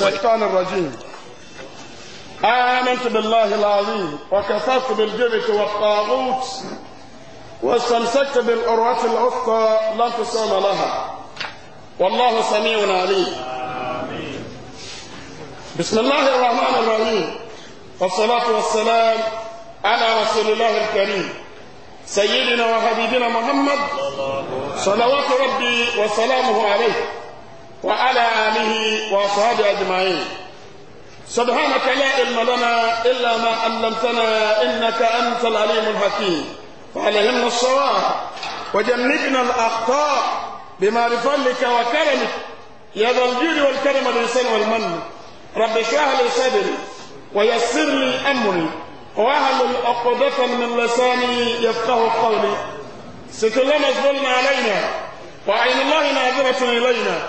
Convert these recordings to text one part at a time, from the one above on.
الشيطان الرجيم آمنت بالله العظيم وكفرت بالجبت والطاغوت واستمسكت بالعروة العثقى لا انفصام لها والله سميع عليم بسم الله الرحمن الرحيم والصلاة والسلام على رسول الله الكريم سيدنا وحبيبنا محمد صلوات ربي وسلامه عليه وعلى آله وأصحابه أجمعين سبحانك لا علم لنا إلا ما علمتنا إنك أنت العليم الحكيم فعليهم الصواب وجنبنا الأخطاء بما بفضلك وكرمك يا ذا الجود والكرم الإنسان والمن رب اشرح لي صدري ويسر لي أمري وأهل عقدة من لساني يفقه قولي ستر الله مزبولنا علينا وعين الله ناظرة إلينا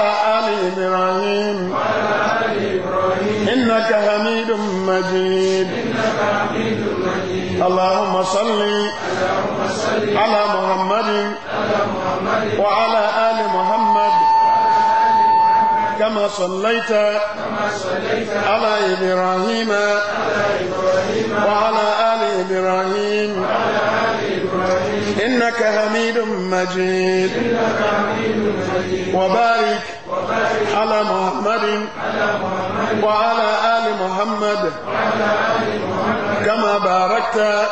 مجيد اللهم صل على محمد وعلى آل محمد كما صليت على إبراهيم وعلى آل إبراهيم إنك حميد مجيد وبارك على محمد وعلى آل محمد كما باركت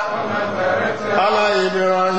على إبراهيم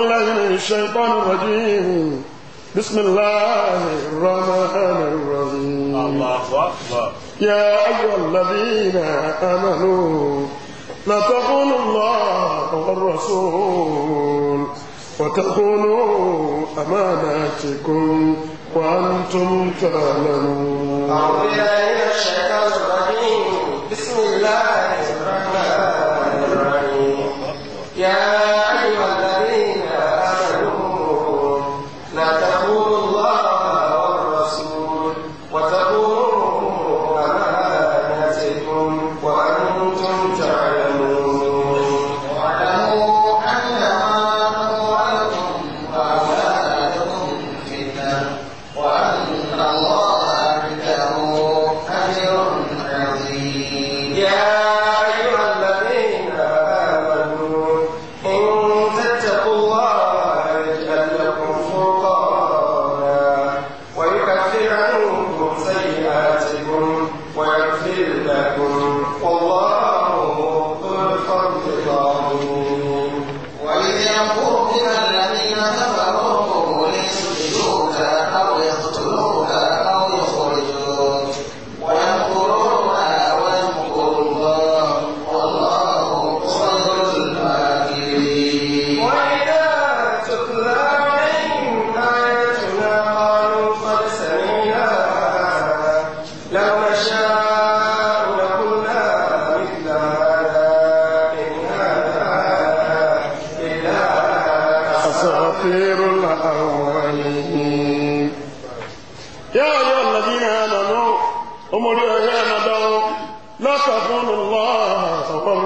بالله من الشيطان الرجيم بسم الله الرحمن الرحيم الله أكبر يا أيها الذين آمنوا لا تقولوا الله والرسول وتقولوا أماناتكم وأنتم تعلمون أعوذ بالله من الشيطان الرجيم بسم الله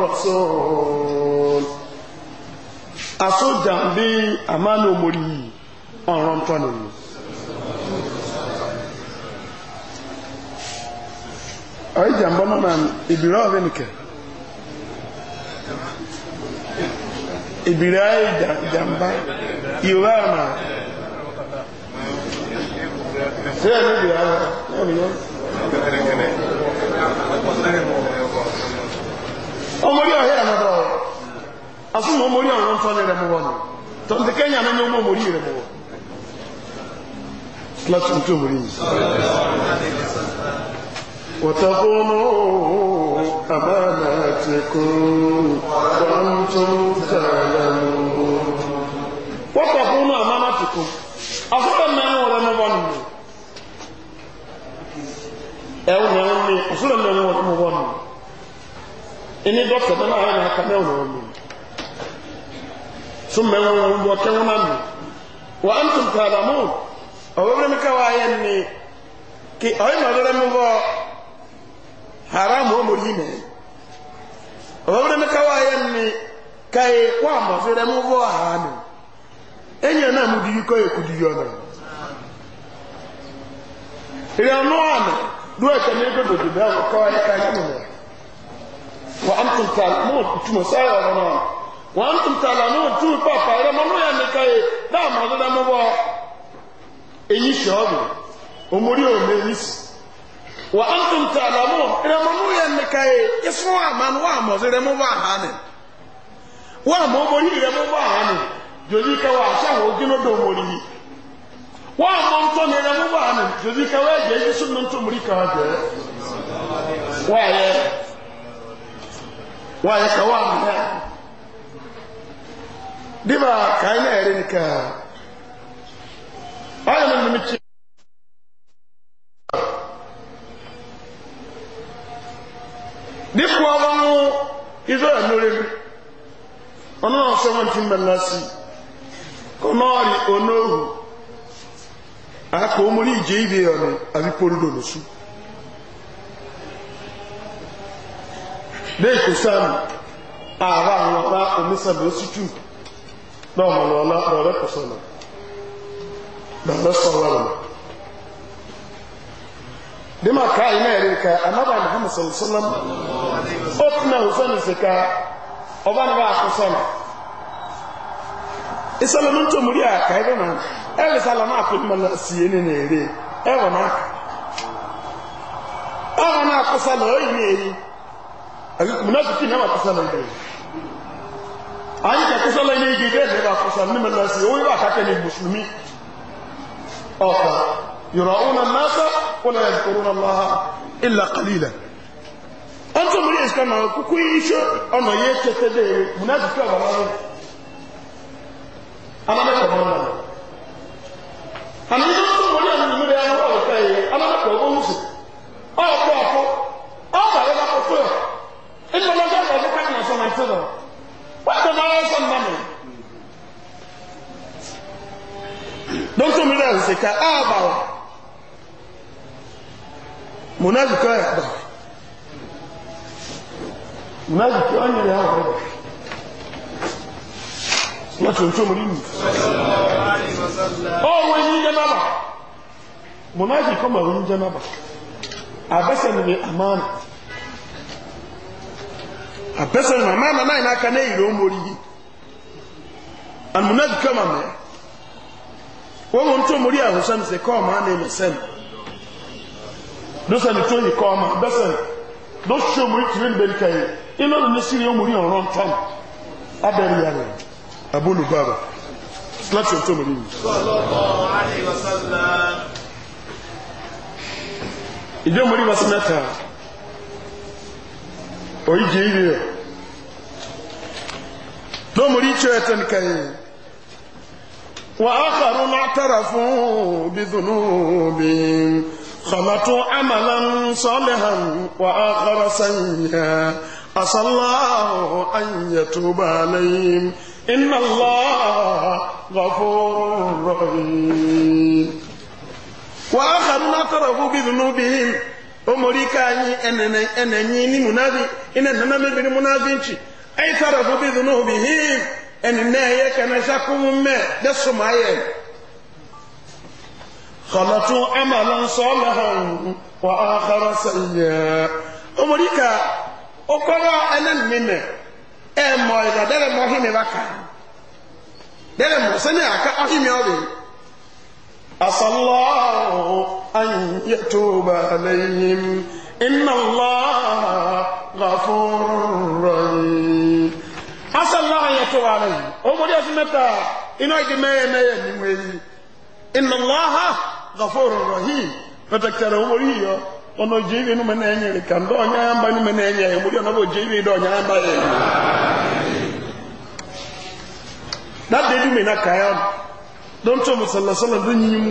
rasul asójà bí àmàlù omori yìí ọ̀ràn tọ́ nìyí. ọ̀rẹ́ ìjàmbá náà nà ìbìrẹ́ ọ̀rẹ́ nìkẹ́ ìbìrẹ́ ìjàmbá ìwé àmà sí ẹni ìbìrẹ́ ọ̀rẹ́ omori ọhẹ rẹ mọdọ asúnmọ omori ọhún tó ní rẹ mọwọ ni tó ń ti kẹnyà ní ọmọ omori rẹ mọwọ láti ń tó omori yìí. وتقوموا أماناتكم وأنتم تعلمون وتقوموا أماناتكم أصلا ما هو لنا ظن أو ما هو لنا ظن ɛne dɔkta bɛ na ayɛ na aka mɛ wɔn mu so mɛ wɔn wɔn wɔn kɛ wɔn ano wɔ antum taada mu ɔwɔwɔrɛ mi ka wɔ ayɛ ni ke ɔyɛ na ɔwɔrɛ mi wɔ haram wɔn mo yi mɛ ɔwɔwɔrɛ mi ka wɔ ayɛ ni kae wɔ amɔfra mu wɔ haram ɛnyɛ na mu diri kɔ yɛ kudi yɔ na ìrìn àwọn ọmọ àmì ló ẹsẹ ní gbogbo dùbẹ́ ọkọ ẹ̀ka ẹ̀ka mọ̀ وأنتم تعلمون أنتم سايا ومنا وأنتم تعلمون تقول بابا إذا ما نويا نكاي لا ما هذا ما هو إني شاب أموري أميس وأنتم تعلمون إذا ما نويا نكاي يسوع من وام إذا ما هو هاني وام أموري إذا ما هو هاني جوزي كوا شاهو جنو دوموري وام أنتم إذا ما هو هاني جوزي كوا جيسون من تومري كوا جه واه waye kawan diba kaina erin ka ayo mun mici dikwa wangu izo anore ono so man timbalasi konori onohu aka omuri je ibe yo abi porudo losu bẹ́ẹ̀ kò sáàmù ààrá àwọn ọ̀pá onísàbẹ̀ òsìtú náà mọ̀nà ọ̀nà ọ̀rẹ́ kò na lọ́rẹ́ dị nù. dima kaa yi náà yẹrẹ anaba muhammed sallam ó tún àwọn sọ̀nà sika ọba ní bá akọ sọ̀nà na munafiki na makosa na ndio aje kosa la ile ile ndio makosa mimi na si huyu akate ni muslimi oka yurauna an-nasa wala yadhkuruna Allah illa qalila anto muri eskana kukuisho ono yete tede munafiki wa baba amana kwa mwana anizo muri anumuri anwa kai amana kwa bonusi ọkọ ọkọ ọkọ ọkọ ọkọ ẹni wọn lọ́sọ̀ ọ̀sẹ̀ nípa ìmọ̀ sọ̀rọ̀ àti sọ̀rọ̀ wọ́n tẹ̀ máa ń sọ nípa mi. dókítà mi náà ṣe ká á bà wá mùnàzùkọ́ ẹ̀ bà mùnàzùkọ́ ọ̀nyẹ̀ rẹ̀ àwọn ọ̀rẹ́ wọ́n tún tún mú nínú. ọ̀wọ́ ẹ̀yìn jẹ́ náà bà mùnàzùkọ́ mọ̀ ẹ̀yìn jẹ́ náà bà àbẹ́sẹ̀ mi ni abɛsɛ no mama nana yina aka n'eyiri omori yi anumuna bi kama mɛ wɔn wɔn tó omori ahosuo no sɛ kɔɔ maa n'eme sɛm dosa ne tó yi kɔɔ ma bɛsɛ no dosi omori tiri ne bɛrika yi ina ne siri omori ɔrɔ ntɔn abɛri yare abolu baba silasi tó omori yi. ìdí omori wa sinata oyije iri rẹ̀ lómùrí tí ó tẹ́ nìkan yìí wà á kàrú náà tẹ́ra fún bídùnú bí kọ̀mọ̀tún àmàlà ń sọ́lẹ̀ hàn wà á kọ́rọ̀ sẹ́yìn asálàáhù ayẹ̀túbà lẹ́yìn iná lọ́wọ́ gọ́fóró rọ̀ yìí wà á kàrú náà tẹ́ra fún bídùnú bí omorika anyị enenye ni munabi ina nana mebiri munabi nchi ai tarafu bi dhunubihim enene ye kana shakumme da sumaye khalatu amalan salihan wa akhara omorika okoro anan meme e dere dere aka ọhịmị أن يتوب عليهم إن الله غفور رحيم أسأل الله أن يتوب عليهم أمر يسمتا إن أجمعي ميني إن الله غفور رحيم فتكتر أمر ono jibi nu menenye likando nyamba ni menenye muri ono bo jibi do nyamba ye na enye me na kayo don to musalla sallan dun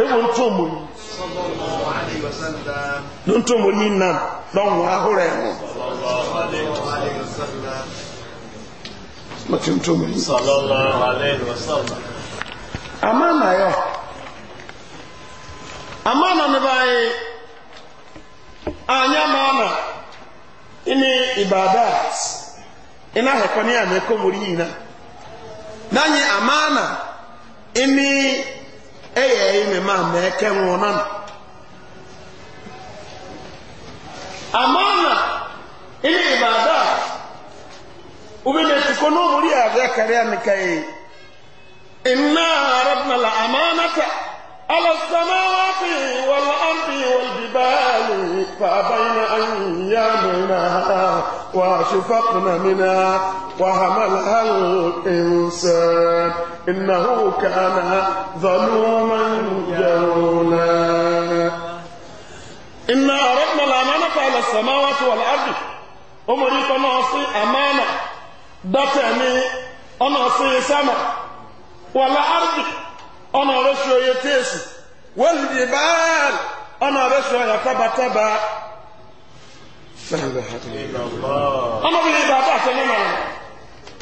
ewo ntomori ntomori nam lọ́wọ́ ahọ́rọ̀ ẹ̀mọ́ mọ̀tí ntomori amánà Amana, amánà ní báyìí anya mánà ní ibadat iná hẹ̀kọ́ ní àmì ẹ̀kọ́ mori yìí náà náà yẹ amánà ɛyɛ ɛyi ne ma mɛ ɛkɛ wɔn nan amaana ɛne ibada obi na etukɔ na ɔmo yɛ adeɛ kariya ne ka yi inna arabna la amaanata ala samawati wala ardi wal jibali fa abayna an yamina wa shufaqna mina wa hamalaha al insan إنه كان ظلوما جهولا إنا أردنا الأمانة على السماوات والأرض أمريك ناصي أمانة دتني أصي سما والأرض أنا رشو يتيس والجبال أنا رشو يتبتبا أنا بالإبادات أنا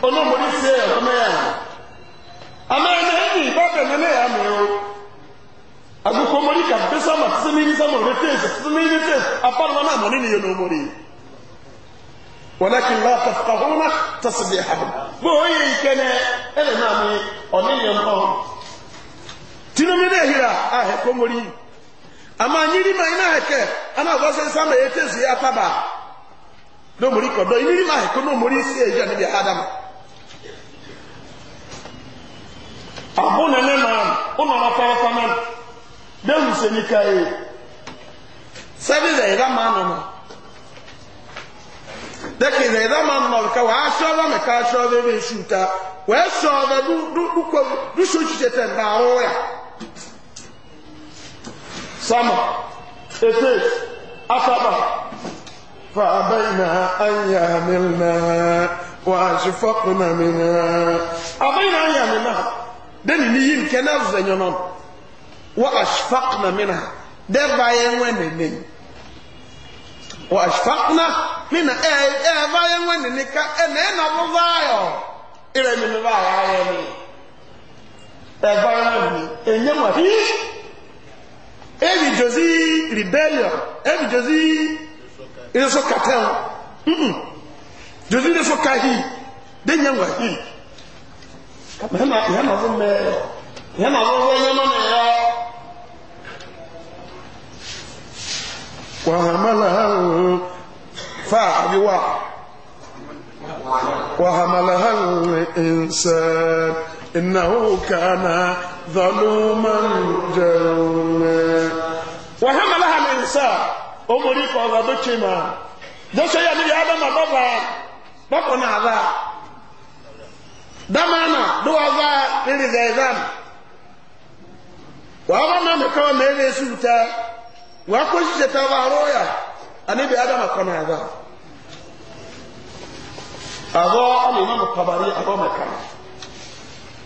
أنا مريد سيئة ama ɛnɛhɛni bɔbɛ nɛnɛ yɛ amɛ o agogo mɔni ka bɛsɛ ama tese mi nisa mɔ bɛ tese tese mi ni tese afa nana mɔni ni yɛ no mɔni walakin la tafkahuna tasbihahum bo o yɛ ikɛnɛ ɛnɛ yɛ mɔ tinubu ne ama nyiri ma ina ana tese n'omori nyiri ma n'omori si yɛ yɛ ne bi abo na ne nan ɔna na fa fa nan dɛhu sɛ nika yi sɛbi dɛ yɛrɛ ma no no dɛki dɛ yɛrɛ ma no ka wa ahyɛ ɔba mɛ ka ahyɛ ɔba ebe esu ta wa esu ɔba du du du kɔ du so tsi tɛtɛ ba awo ya sama efe asaba fa abayina anyamilina wa asifakuna mina abayina anyamilina. deni ni yin kɛ n'a zɛ ɲɔnɔ wa ashfaqna minha dɛ ba ye ŋwɛ wa ashfaqna minha ɛ eh, ɛ eh, eh, ba ye ŋwɛ nene ka ɛ ne na bɔ ba yɔ ire mi mi ba yɛ ayɛ mi ɛ ba yɛ mi ɛ nye wa hi ebi jozi rebellion ebi jozi irisokatɛw jozi irisokahii de nye wa yɛma yɛma fo mɛɛ yɛma fo wɔ yɛma na yɛ وحملها فعبوا وحملها الإنسان إنه كان ظلوما جهولا وحملها الإنسان أمريكا وغبتما ده شيء يعني هذا ما بابا بابا نعذا damana duwaza lili zaizan wawona mekawa mele suta wakwishise tabaroya anibi adama kona ava avo alimamu kabari avo mekana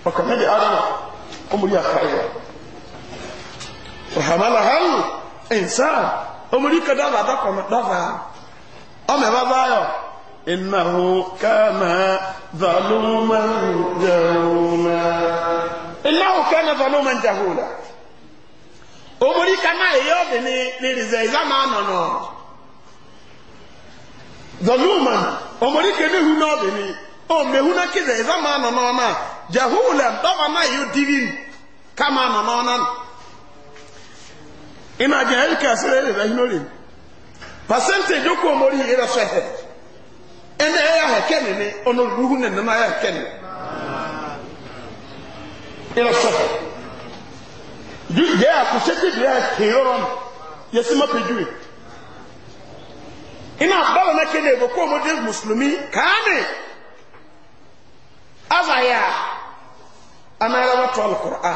wakanabi adama umuri akaiwa wahamala hal insan umuri kadava dakona dava ome vavayo innahu kana ظلوما جهولا إنه كان ظلوما جهولا أمري كما يوب نرزي زماننا ظلوما أمري كنه نوبني أمي هنا كذا زماننا جهولا طبعا يدين كما نمانا إما جهل كاسر رهنولين percentage ko mori ira sahe ɛnna ɛyɛ ahɛkɛni ni ɔno ruhu ne nana ayɛ ahɛkɛni ɛyɛ sɔfo yɛ akosɛ ti bi ayɛ keyɔrɔ no yɛsi ma pe ina abawo na ebo ko ɔmo musulumi kaani aza a anayɛ wa tɔ a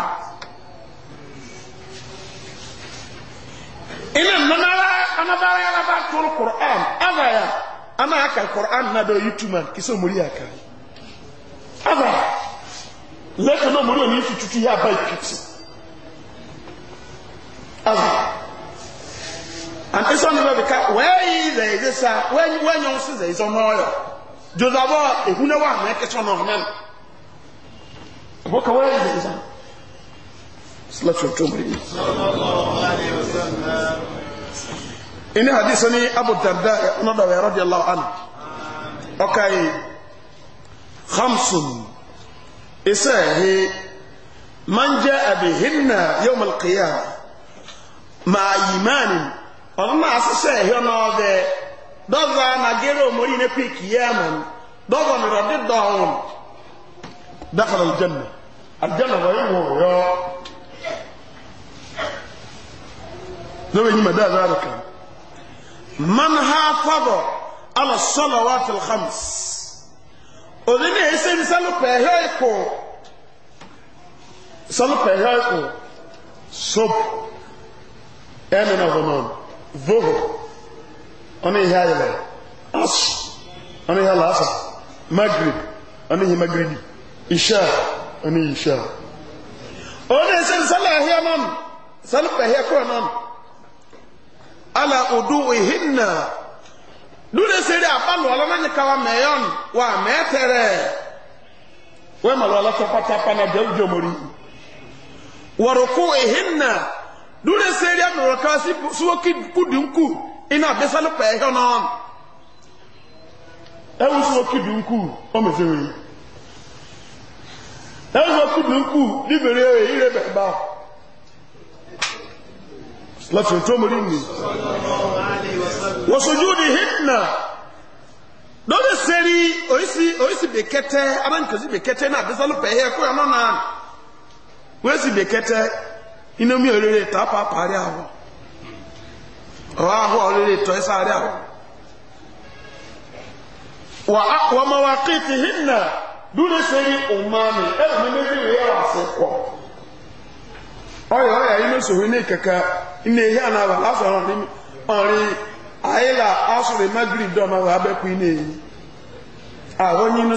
ina nana anabara yɛ ba tɔ alukoro a aza a. ana aka alquran na do yituma kiso muri aka aba leka no muri oni su tutu ya bai piti aba an eso no be ka wei ze ze sa wen wen yon se ze zo no yo jozabo ehuna wa me ke chono men boka wei ze za sallallahu alaihi wasallam إن حديثني أبو الدرداء نضوي رضي الله عنه أوكي خمس إساه من جاء بهن يوم القيامة مع إيمان ولما أساسه هنا ذا دضا نجيرو مرين في قياما دوغا نرد دعون دخل الجنة الجنة ويمه يا لو مدى دا ذلك man hafadha ala salawat al khams odini esim salu pehe ko salu pehe ko sub ene na honon dhuhr oni hayla as oni hala asa maghrib oni hi maghribi isha oni isha oni esim salu ehia non salu pehe ko ala ihinna dure sere abalu ala nani kawa meyon wa metere we malu ala tapata pana del jomori wa ihinna dure sere amuru kawa si suwo ki kudi nku ina besalu pe na no ewu suwo kidi nku o mesewe ewu suwo kidi nku libere ire beba lọ́fẹ̀ tó mú rí mi wọ́sọ̀jú ni hitna lórí sẹ́rí oríṣi bèkẹ́tẹ́ abẹ́nìkòsí bèkẹ́tẹ́ náà àdísọ́lù pẹ̀yẹ kó yàmọ́ náà wọ́n sì bèkẹ́tẹ́ inú mi òrèrè tó apá parí àwọ̀ ọ̀rọ̀ àwọ̀ òrèrè tó ẹsẹ̀ àrí àwọ̀ wọ́n mọ̀ wá kéèké hitna lórí sẹ́rí òun máa mi ẹ̀rù mi méjì rèé wà sí pọ̀. ọyọ ọyọ yìí mẹsòwò na kẹkẹ na ehi anáwà lásọrọ na ọrin àyílà asọrọ magiri dọọma wà abẹkù ní èyí àwọn yìí ndị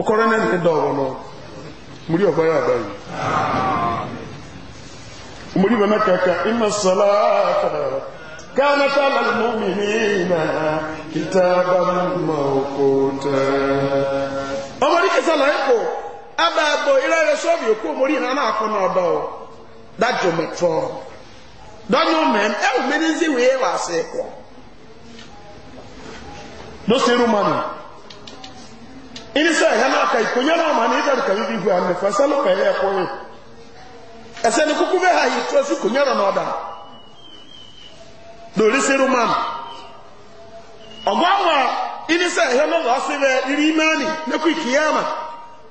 ọkọrẹ náà ní dọọwọ náà múrí ọgbà bụ báyìí múrí bẹ mẹkẹkẹ ka sọlá kánà sálà lómi ọmọdé ababo ilẹ̀rẹ̀ sọ́ọ̀bì òkú omori hàn na kọ́ náà dọ̀ dájọ́ mẹ́tọ́ dọ́nyọ́ mẹ́m ẹ̀wù mẹ́rin sí wèé wà sí ẹ̀kọ́ ló sì rú mọ́nì na ẹ̀yẹ́ ka ìkòyẹ́ náà mà ihu Ese fún ẹsẹ́ lọ́pẹ̀ ẹ̀yẹ́ ẹ̀kọ́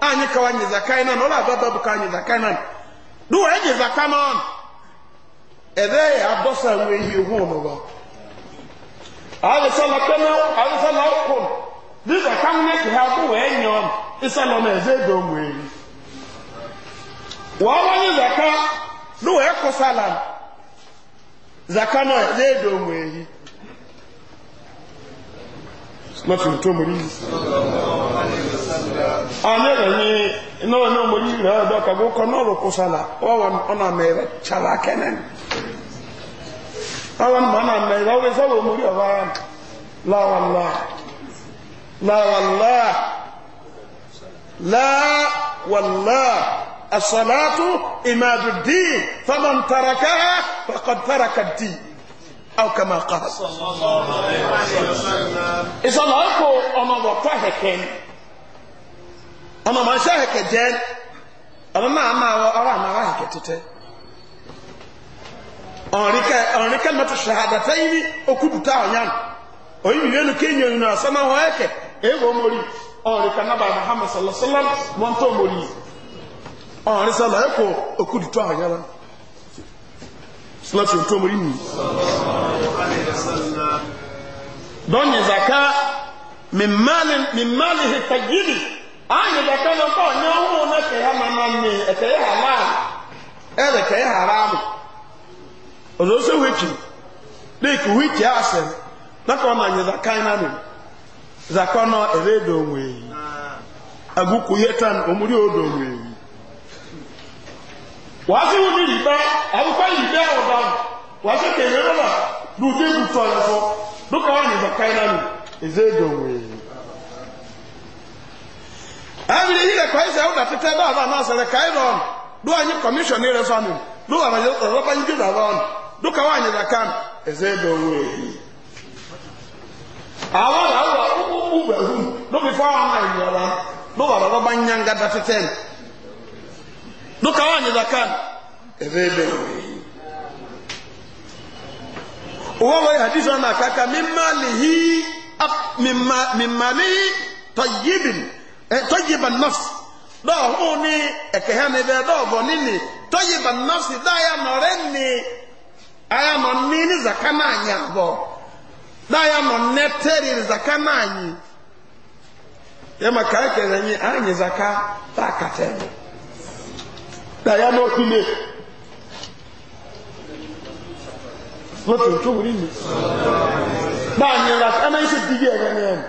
anyi kawa nyi zakai nan ola baba buka nyi zakai nan do we nyi zakai nan ebe ya bosa we yi hu no ba ala sala kana ala sala ko di zakai ne ki ha do we nyi on isa lo na eze do mu yi wa wa nyi zakai do we ko sala zakai na eze do mu yi Mọ́tò tó mọ̀ ní anyere ni no no mo ni ra do ka go kono ro ko sala o wa ona me re chala kenen awan mana me ra we so mo ri wa la wallah la wallah la wallah الصلاة إماد الدين فمن تركها فقد ترك الدين أو كما قال صلى الله عليه وسلم إذا لا أكو أنا وطهكين ọmọ mọ̀ ṣe ẹ̀kẹ̀ jẹ́ ọmọ máa máa wọ ọwọ́ àmà wáhì kẹtẹtẹ ọ̀rìnkẹ́ mẹ́tò ṣàdàtẹ́ yìí ní okùdùtà ọ̀yàn òyìnbí lẹ́nu kéèyàn ìrìnà ọ̀sánmá wọn ẹ̀kẹ̀ èèwọ̀ mórí ọ̀rìnkẹ́ nábà muhammad sallallahu wọn tó mórí ọ̀rìn zaka anyị dọka na ka onye ọhụụ na ka ya mama nne ete ya hara ere ka ya hara amụ ọzọ ose wiki dịka wiki asị na ka ọ na nyeza kaina nụ zakwa edo onwe agụkwu ihe tan omuri odo onwe wàásù wọn ní ìgbà àbúkọ ìgbà ọ̀dà wàásù kẹ̀lẹ́ rẹ̀ lùdí ìbùtọ̀ ẹ̀fọ́ ọ na nyeza kaina nụ eze edo onwe abiri yi lɛ kɔyi sɛ ɛwɔ da tete dɔw ava n'asɛ lɛ kayi dɔn do anyi kɔmishɔn ni rɛfa do wa anyi ɔlɔba yi bi da dɔn do ka wa anyi da kan ɛsɛ dɔw wɛ awo la awo ubu ubu ɛhu do bi fɔ awo ayi nyɔra do wa ɔlɔba nyanga da tete do ka wa anyi da kan ɛsɛ dɔw wɛ owó wɔ yàtí sɔn na kaka mímá lihi mímá mímá lihi tɔyibin. Eh, tɔyiba nɔfsi dɔw hun ni ɛkɛhɛ ni bɛ dɔw bɔ ni ni tɔyiba nɔfsi dɔw ya nɔrɛ ni aya nɔ ni ni zaka naa nya bɔ dɔw ya nɔ nɛ tɛri ni zaka naa e nyi yɛma kaa kɛlɛ nyi a nyi zaka taa katɛ do dɔw ya nɔ kule lɔtɔ tó wuli mi dɔw nyi zaka ɛna yi sɛ digi yɛ kɛ nyɛ mu.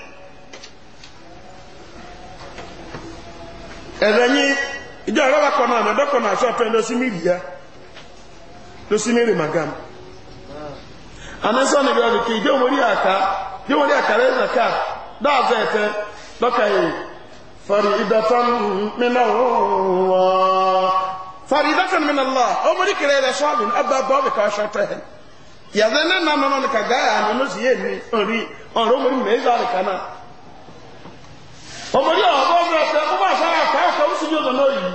ẹ̀rẹ̀ yín ìjọ ìrọ́wà kan náà àmì ọ̀dọ́kọ̀ náà sọ́ọ̀tọ́ lọ́símì ìyá lọ́símì rè màgàm àmẹ́sọ́ ni bẹ́ẹ̀ kì í jẹ́ òmórí àká jẹ́ òmórí àká rẹ̀ zaka dáàzọ́ ẹ̀tẹ́ lọ́kà yìí faridatan minallah faridatan minallah òmórí kìrẹ́ rẹ̀ sọ́ọ̀bù abba bọ́ọ̀bù kan ṣọ́tẹ́ ẹ̀ yàtọ̀ ní nà nínú nìkan gáyà nínú sì yé mi òrí ọ̀rọ̀ òmórí mẹ́zà nìkan náà òmórí ọ̀bọ̀ ọ̀bọ̀ ọ̀bọ̀ ní ọ̀nà náà yìí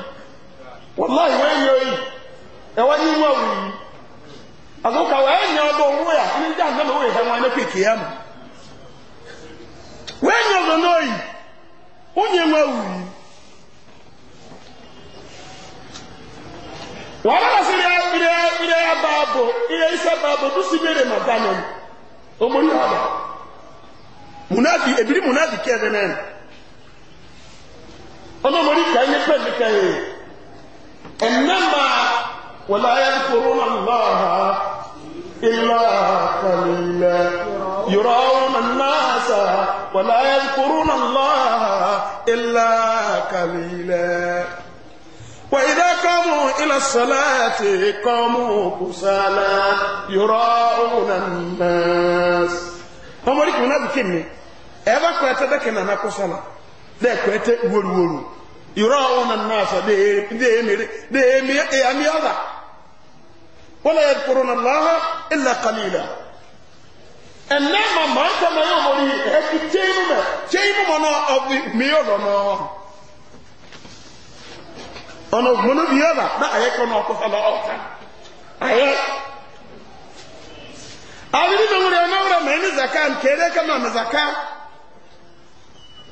wọ́n láì wọ́n yọ yìí ẹ̀wọ́ ní wọ́n wù yìí àtúnkà wọ́n ẹ̀yìn ọdún owó yà ní ya náà wọ́n ọzọ wọn lẹ́pẹ̀ kìí ẹ̀mù wọ́n ní ọ̀nà náà yìí ó ní wọ́n wù yìí wọ́n bá iṣẹ́ ọmọ mọ̀rí kàí ní pẹ̀lú kàí ẹ̀nàmà wọ̀lá ayẹ́kọ̀ọ́rọ̀ náà ilá kàlílẹ̀ yọ̀rọ̀ náà wọ̀lá ayẹ́kọ̀ọ́rọ̀ náà ilá kàlílẹ̀ وإذا قاموا إلى الصلاة قاموا كسالى يراءون الناس هم ولكن هذا كمي إذا كنت تدكنا نكسالى dɛ kɔɛtɛ wuoruworu yɔrɔ awo na nna sɔ de ye de ye miiri de ye mi e ami ala wala yɛ koro na laha ila kalila ɛnna ma maa kama yɛ wɔri ɛbi kyɛn mu mɛ kyɛn mu mɔ na ɔbi mi yɔ lɔ nɔ ɔnà gbɔnɔ bi yɛ la na ayɛ kɔ na ɔkɔ fana ɔka ayɛ awiri na wuli ɔna wuli mɛ ni zaka nkere kama mɛ zaka.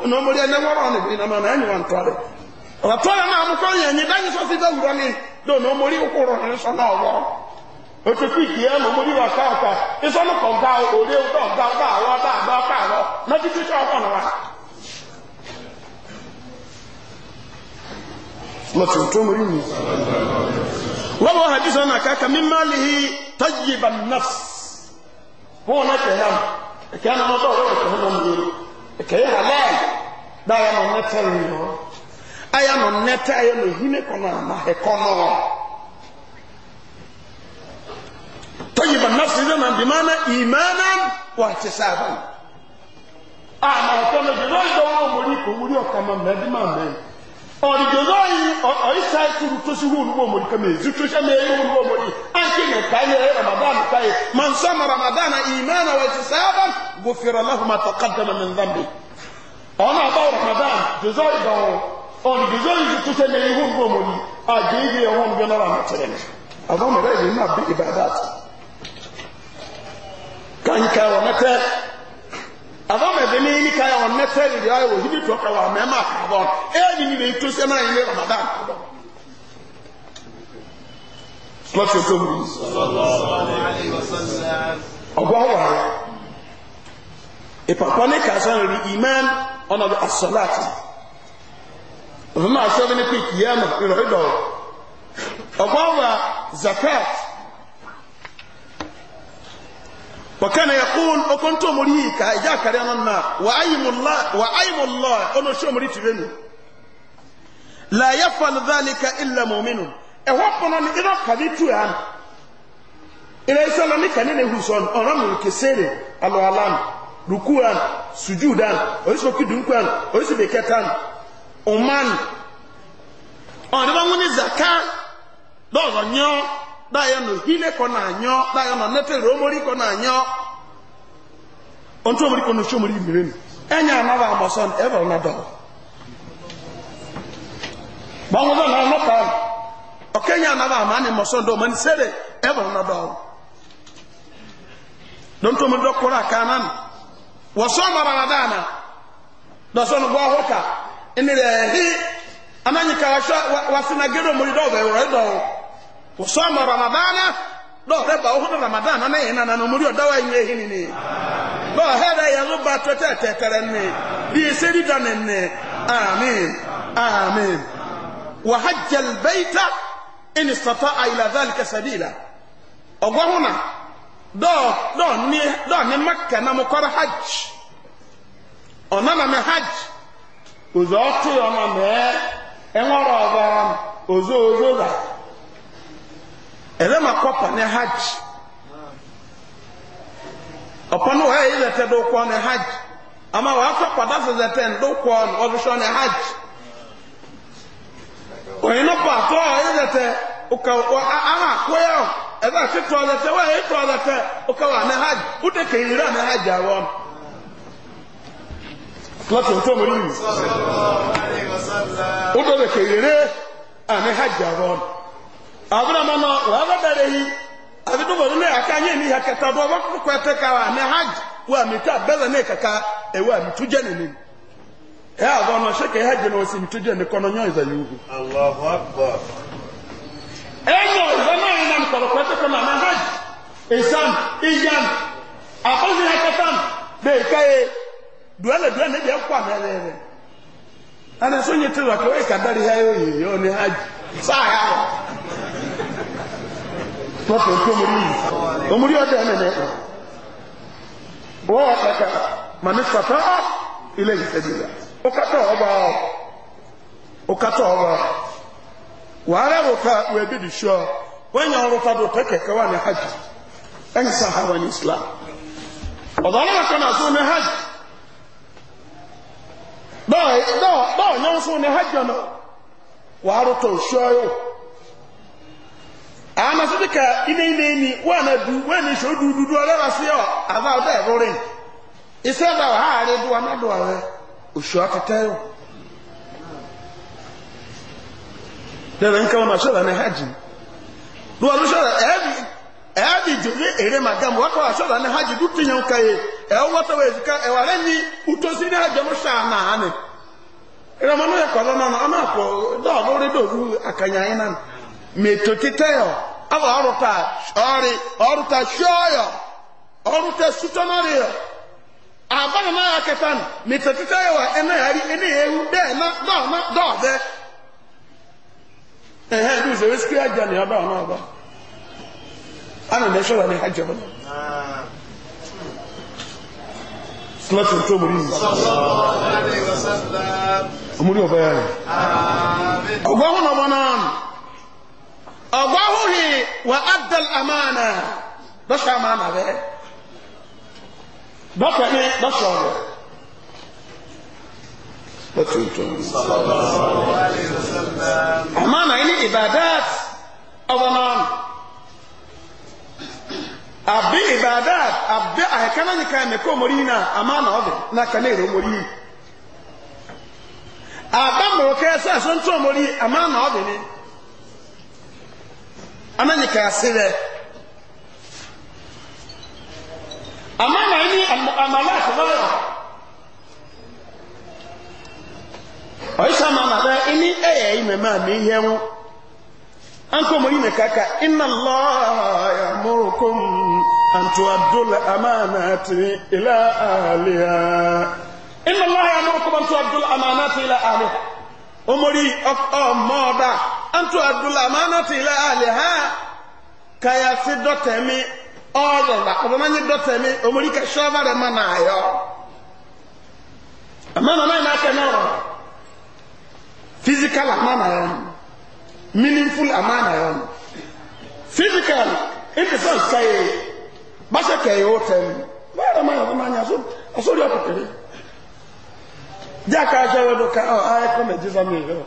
ono ene na mana enyi na amụkọ ya do na ụkwụrụ na nsọ na ọwọ otutu na omori wa na kọnga òde ọdọ ọga ọga awọ ọdọ agba ọka awọ na mi. wọ́n wọ́n hajj sọ na kaka mi máa lè hi tajiba nafs. náà na kɛyɛ halal da yɛ no nɛtɛ nyinaa ayɛ no nɛtɛ ayɛ no hine kɔnɔ ama ɛkɔnɔ tɔyi ba nafsi de na bi mana imana wa ti saaba a ma ɛkɔnɔ de n'oyi dɔwɔrɔ wuli ko wuli ɔkama mɛ bi ma mɛ ọ̀rìndòdó yìí ọ̀ríṣà ìkúrú tó sí wọ́n wọ́n mọ̀lì kàmẹ́ èzú tó sẹ́mi ẹ̀yẹ wọ́n wọ́n mọ̀lì àǹkì ní ẹ̀ka ilé ẹ̀yẹ ramadan káyé màá nsọ́ ma ramadan ìmẹ́nà wà ti sábà gòfèrè aláhùn ma tọ́ka dama mi nzambi. ọ̀nà àbá ramadan dòdó yìí dán ọ̀rìndòdó yìí tó sẹ́mi ẹ̀yẹ wọ́n wọ́n mọ̀lì àjẹ́ yìí yẹ wọ́n gbẹ́ nára mọ̀tẹ́rẹ́ ni. àbámu àbámu ẹ̀dẹ́ ní yín ká yà wọ́n nẹ́tẹ́ ìdí ayé wò hídìí tó kẹwàá mẹ́mà àkàbọ̀ ẹ̀yẹ́ ni níbi ètò sẹ́mà yìí ní ramadan àkàbọ̀. lọ́sọ̀ tó wù yìí. ọgbọ́n wà á ìpàpọ̀ ní kàásán rí imán ọ̀nà asọ́láàtì òfin máa sọ́ọ́ bí ní pé kìí ẹ̀mà ìrọ̀ ìdọ̀ ọgbọ́n wà zakat. وكان يقول أكنت مريكا يا كريم الله وأيم الله وأيم الله أنا شو مريت بينه لا يفعل ذلك إلا مؤمن أهوبنا إذا فديتوا يعني إلى إسلام كان يهوسون أرام الكسر الله علام ركوعا سجودا أيش بكي دنكوان أيش بكتان أمان أنا بقول زكاة ده غنيا daya no hile ko na anyo daya no nete ro mori ko na anyo onto mori ko no sho mori mire ni enya na ba mo son e ba na do ba mo na no ka o kenya na ba ma ni mo do man sere e na do don to mo do ko ra kanan wa so ma ba dana do so no gwa hoka ene re hi ananyika wa wa sinagero mori do be ro do وصام رمضان لو ربا وهو رمضان انا هنا انا نمري دواء يهيني لو هذا يغبا تتترني دي سيدي دنني امين امين وحج البيت ان استطاع الى ذلك سبيلا اوغونا دو دو ني دو ني مكه نا مكر حج onana me hajj ozo otu ya ma mee enwere ọbara ozo ozo da ɛbɛ ma kɔ na hajj ɔpɔn wɔ ɛyɛ zɛtɛ do kɔ ne hajj ama wɔ asɔ kpada sɛ zɛtɛ do kɔ ɔdohwɛ ne hajj oyin no pa zɛtɛ wɔ aha kɔyɛ o ɛbɛ ati tɔ zɛtɛ wɔ ɛyɛ tɔ zɛtɛ oka wɔ ne hajj wute ne hajj awɔ no láti abuna mama waba darehi abidu bɔdu ne aka nye ni hakata do ɔba koko ɛtɛ ka wa ne hajj wa mi ta bɛlɛ ne kaka ewa mi tu jɛ ne nim ɛ abɔ no ɔhyɛ ka ɛ hajj e e na ɔsi mi tu jɛ ne kɔnɔ nyɔnyi zɛ yuhu. alahu akbar. ɛnyɛ ɔyɛ naa yi nam kɔlɔ kɔlɔ kɔlɔ na hajj esam iyan akɔsi hakatam bee ka ye duwɛlɛ duwɛlɛ ne deɛ kɔ amɛ lɛɛrɛ ɛnɛ so nye tiri ni hajj saa yà wọ́n fi ń tó omori yìí omori ọdẹ ẹ̀ nẹ̀nẹ̀ wọ́n wọ́n kàkà màmí fàtà ah! ilé ìsẹ̀dìlà ó kàtọ̀ ọba ọ ó kàtọ̀ ọba wàhálà wò ká wò ebi di sọ wọ́n yàn ọrùn fàdó tẹ kẹ̀kẹ́ wà ní hajj ẹ̀yìn sàhàwà ní islam ọ̀dọ̀ ọlọ́wọ́ kan náà sún ní hajj bọ́ọ̀ bọ́ọ̀ yẹn sún ní hajj náà wàhálà tó sọ yóò. ama so dika ine ine ni wana du du du du ala rasio ava da rorin isa ha re du ana do awe usho atatayo tele nka na haji du ala so evi evi du ni ere magam wako na haji du tinya ukaye e wata wa ni na ere na akanya aba ọrụta ọrị ọrụta shọọyọ ọrụta sutonọrịọ abaghị na ya kẹta nụ metatita ya wa enegharị eneghi ewu dee na dọọna dọọbe ehe ndị ụzọ esikiri aja na ya dọọna ọba a na na-esho ya na ha jebe na sinatọ ntọ omori nyi omori ọba ya ọgụ ọhụrụ ọgbọ na anụ ọgbọ́hùnì wà ádàl àmàna dọ́ṣọ́ àmàna rẹ̀ dọ́ṣọ́ ní dọ́ṣọ́ rẹ̀ àmàna yìí ní ìbàdàt ọ̀bọ̀nàm àbí ìbàdàt àbí àyẹ̀kánná ní ká ẹ̀mẹ̀kọ́ mọ̀rí yìí náà àmàna ọ̀bẹ̀ náà kàn ní èrò mọ̀rí àbámọ̀rọ̀ kẹ́sẹ̀ ẹ̀sẹ̀ mọ̀rí àmàna ọ̀bẹ̀ ni. amani asịrị ama na yi ni amala akɔbɔyɔ ɔyisa ama na dɛ ini ɛyɛ yi mɛ maa mi yɛ ŋo anko mo yi mɛ kaka ina lɔɔya morokom antuadola amanati ila aliya ina ama morokom antuadola amanati ila aliya omori ɔmɔɔda. antu adula amanati ila aliha kaya si dɔtɛmi ɔlɔla ɔbɛmanyi dɔtɛmi omori ka sɔba rɛ ma na ayɔ amana naa n'akɛ physical amana yɛ meaningful amana yɛ physical indifference ka ye basa kɛ ye o tɛmi bɛrɛ ma yɛ ɔbɛmanyi aso aso de ɔkutiri jaa k'a sɛ wɛ do oh, ka mi yɛ o.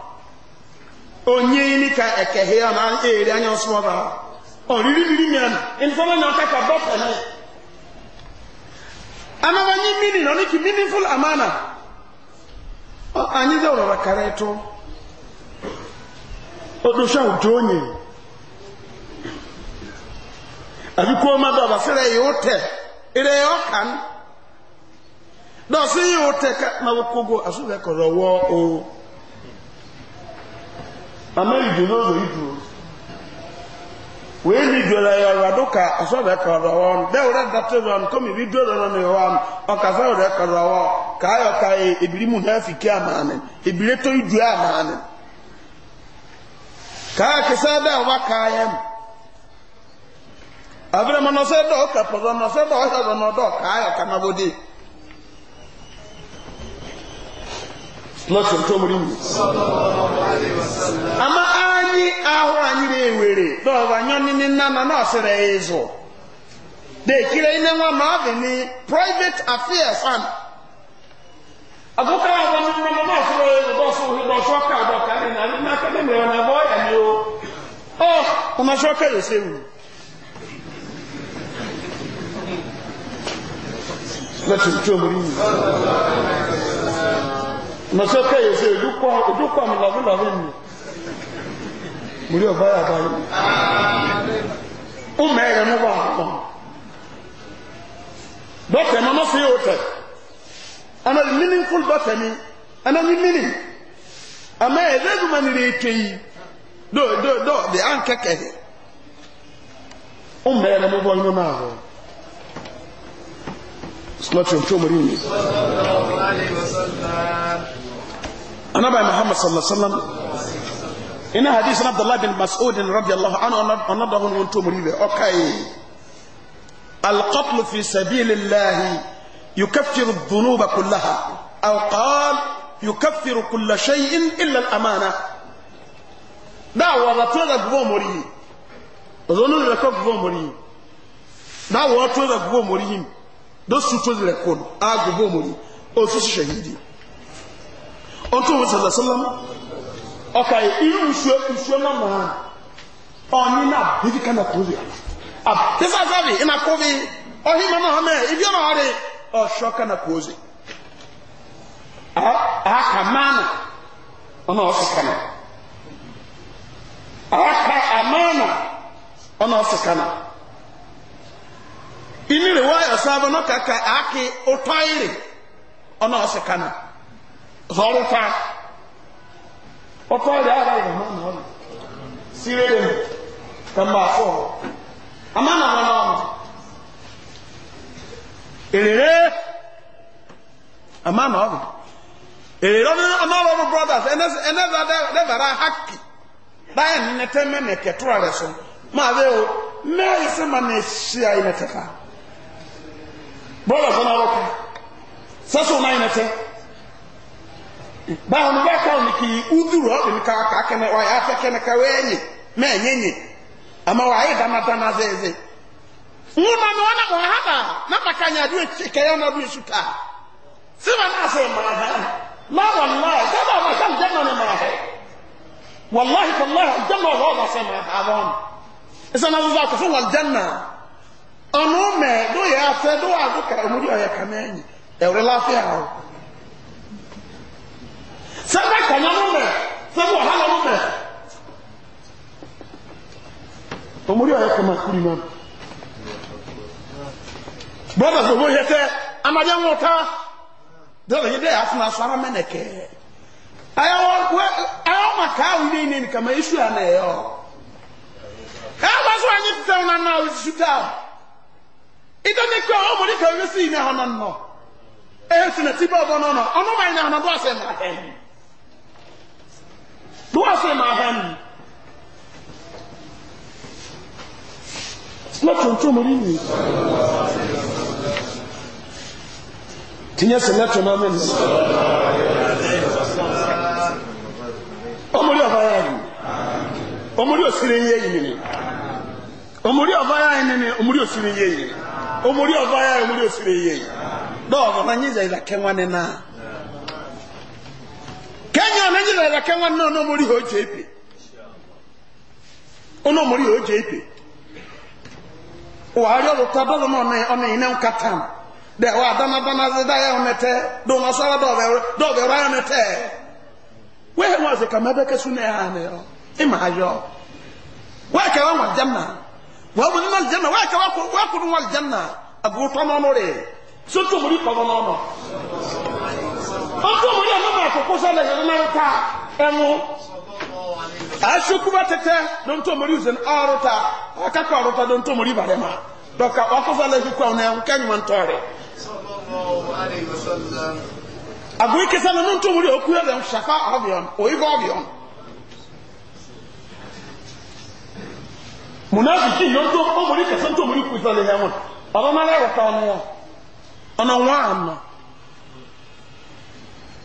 onye ni ka ekehe ya na eri anya ọsọ ba oriri mmiri ya na nfọwọ na ọka ka bọpọ na mmiri na ọnịkị meaningful amana anyị dị ọrọrọ kara ịtụ odosha ụtụ onye abikwa ọma dọba fere ya ụtẹ ire ya ọka dọsị ya ụtẹ ka ma wokogo asụ bụ ekọrọ wụọ o. ama idu n'oge idu wee ni duola ya ọrụ adụka ọsọbe kọrọ ọwọ deore datron komi bi duola nọ n'ịwa ọhụrụ ọkasa ọrụ kọrọ ọhụrụ ka ayọ ka e, ebiri mu na afike amaanị ebiri eto idu amaanị ka akịsa ebe ọwa ka anya m abịrị m nọsọ dọọ kapọrọ nọsọ dọọ ọhịa ọzọ nọdọ ka ayọ ka mabodi. lọ́tọ̀ tó mú rímù àmá anyị ahụ anyị na-ewere dọọba nyọ na nnana na ọsịrị ịzụ dekire ine nwa ma ni private affairs and agụkara agwa nne nwa ịzụ dọsụ dọsụ ọka na na bụ ọya ni o ọ ọmasị ọka nọ̀ṣẹ́ kẹ́yẹ̀ sí ojúkọ̀ mi lọ́bùlọ́bù mi mo rí ọ̀bá yàtọ̀ yìí ó mẹ́rẹ̀ mú wà pọ̀ dọ́tẹ̀ mọ́ mọ́ sí yóò tẹ̀ ẹnà ní meaningful dọ́tẹ̀ ni ẹnà ní meaning àmẹ́ ẹ̀dẹ́gbùmọ̀ ni rè ké yìí dọ́ọ̀dọ́ di à ń kẹ́kẹ́ yìí ó mẹ́rẹ̀ mú bọ́ inú náà slọ́tì ọ̀tún mọ́rí mi annabi muhammad sallallahu alaihi wasallam ina hadith abdullah bin mas'ud radiyallahu anhu anadahu wonto muribe okay القتل في سبيل الله يكفر الذنوب كلها أو قال يكفر كل شيء إلا الأمانة دعوة رتوغة قومري ظنون لكوك قومري دعوة رتوغة قومري دو سوتوز لكون آقو قومري أو سوسي شهيدي ọ̀tún wọ́n sọ̀rọ̀ sọ́lọ́mù iru irú ìṣúẹ́ na ha ọ̀nyí náà bíbí na kóbi àbá tẹ́sà sábì iná ha mẹ́ ibi ọ̀nà ọ̀rẹ́ ọ̀ṣọ́ kánà kóbi àhàkà mánà ọ̀nà ọ̀sẹ̀ kánà àhàkà ọ na ọ̀sẹ̀ kánà zɔrɔfa ɔkɔ de ara yɛ hɔn hɔn sire de mu kamba fɔ ama na wɔn wɔn erere ama na ɔbɛ erere ɔbɛ ama wɔn brothers e e And ɛnɛ ba dɛ that. ba da haki da yɛ ne tɛ mɛ ne kɛ tura rɛ so maa bɛ o mɛ ayi sɛ ma na ehyia yi ne tɛ fa brothers ɔna ɔbɛ kɔ sɛ so na yi ne tɛ. báwọn ní bá káwọn ní kì í údúró ọ̀bìn ká kákẹ́nẹ́ wáyé afẹ́kẹ́nẹ́ káwé ẹ̀yìn mẹ́ẹ̀nyẹ́ àmọ́ wáyé dánadáná zẹ́ẹ̀zẹ́. nwoma ni wọn náà wàhá bá nàbà kányà náà bí taa náà sẹ màá hà náà jẹ́ wọ́n jẹ́ sẹ́fẹ́ kànyà ló mẹ́ sẹ́fẹ́ ọ̀há ló mẹ́. Omori ọ̀yọ́ kọ́ máa kúrì náà. Brothers owó yẹ tẹ́ amadé ń wọ́ta. Dọ́là yìí dẹ́ àfúnà sọ ara mẹ́nẹ̀kẹ́. Ayọ́ ma ká àwọn ilé ní kàmá iṣu àná ẹ̀ ọ́. Ẹ bá sọ anyi tẹ ọ nana o iṣu tá. Ìdọ́ni kọ́ ọmọdé kàwé sí ìnáhàn náà nọ. Ẹ sinetí bá ọbọ náà nọ. Ọmọ màá yìí náà nọ bọ́ ọ̀sẹ̀ máa hẹ́yìn ló wá sí máa bá mi. lọ́tún tó mo rí mi. tìyẹ́ sí lẹ́tún náà mẹ́rin. ọmọdé ọba yára yìí ọmọdé òsìrè yé yìí nìyí ọmọdé ọba yára yìí nìyí ọmọdé òsìrè yé yìí ọmọdé ọba yára ọmọdé òsìrè yé yìí dọ́ọ̀ bàbá yín ìzà ìzà kẹwàá nínú náà. ẹ̀yìn ọ̀nà ẹ̀yìn náà kẹ́ wọn náà ọ̀nà mórí ọjọ́ èpè ọ̀nà mórí ọjọ́ èpè wàá rí ọ̀rọ̀ tó bọ́ọ̀lù náà ọ̀nà ìná ń kàtà dẹ̀ wà dánadáná sí dáyà ọ̀nà tẹ́ dùn ọ̀sára dọ̀ọ̀bẹ̀ ráyà ọ̀nà tẹ́ wẹ́ẹ̀ wọ́n sì kà mẹ́bẹ́ kẹ́sù náà ẹ̀ hàn ọdún ọmọdé ọmọ bá àkókò sọlẹ ṣẹlẹ náà ká ẹnu aṣọkúbá tẹtẹ lóńtó ọmọdé ọsẹ ọrọta akakọ ọrọta lóńtó ọmọdé ìbàdàn ma dọkà ọkọ sọlẹ ṣẹkọ ọhún ẹhún kẹnyìmọ ntọ rẹ. àgbo ìkẹsẹ lọ lóńtó ọmọdé ọkú ẹlẹ ṣàfà ọbìọn òyìnbó ọbìọn. munafiki lóńtó ọmọdé kẹsẹ lóńtó ọmọdé kù sọlẹ ẹhún ọmọ mẹrẹ ọrọta ọ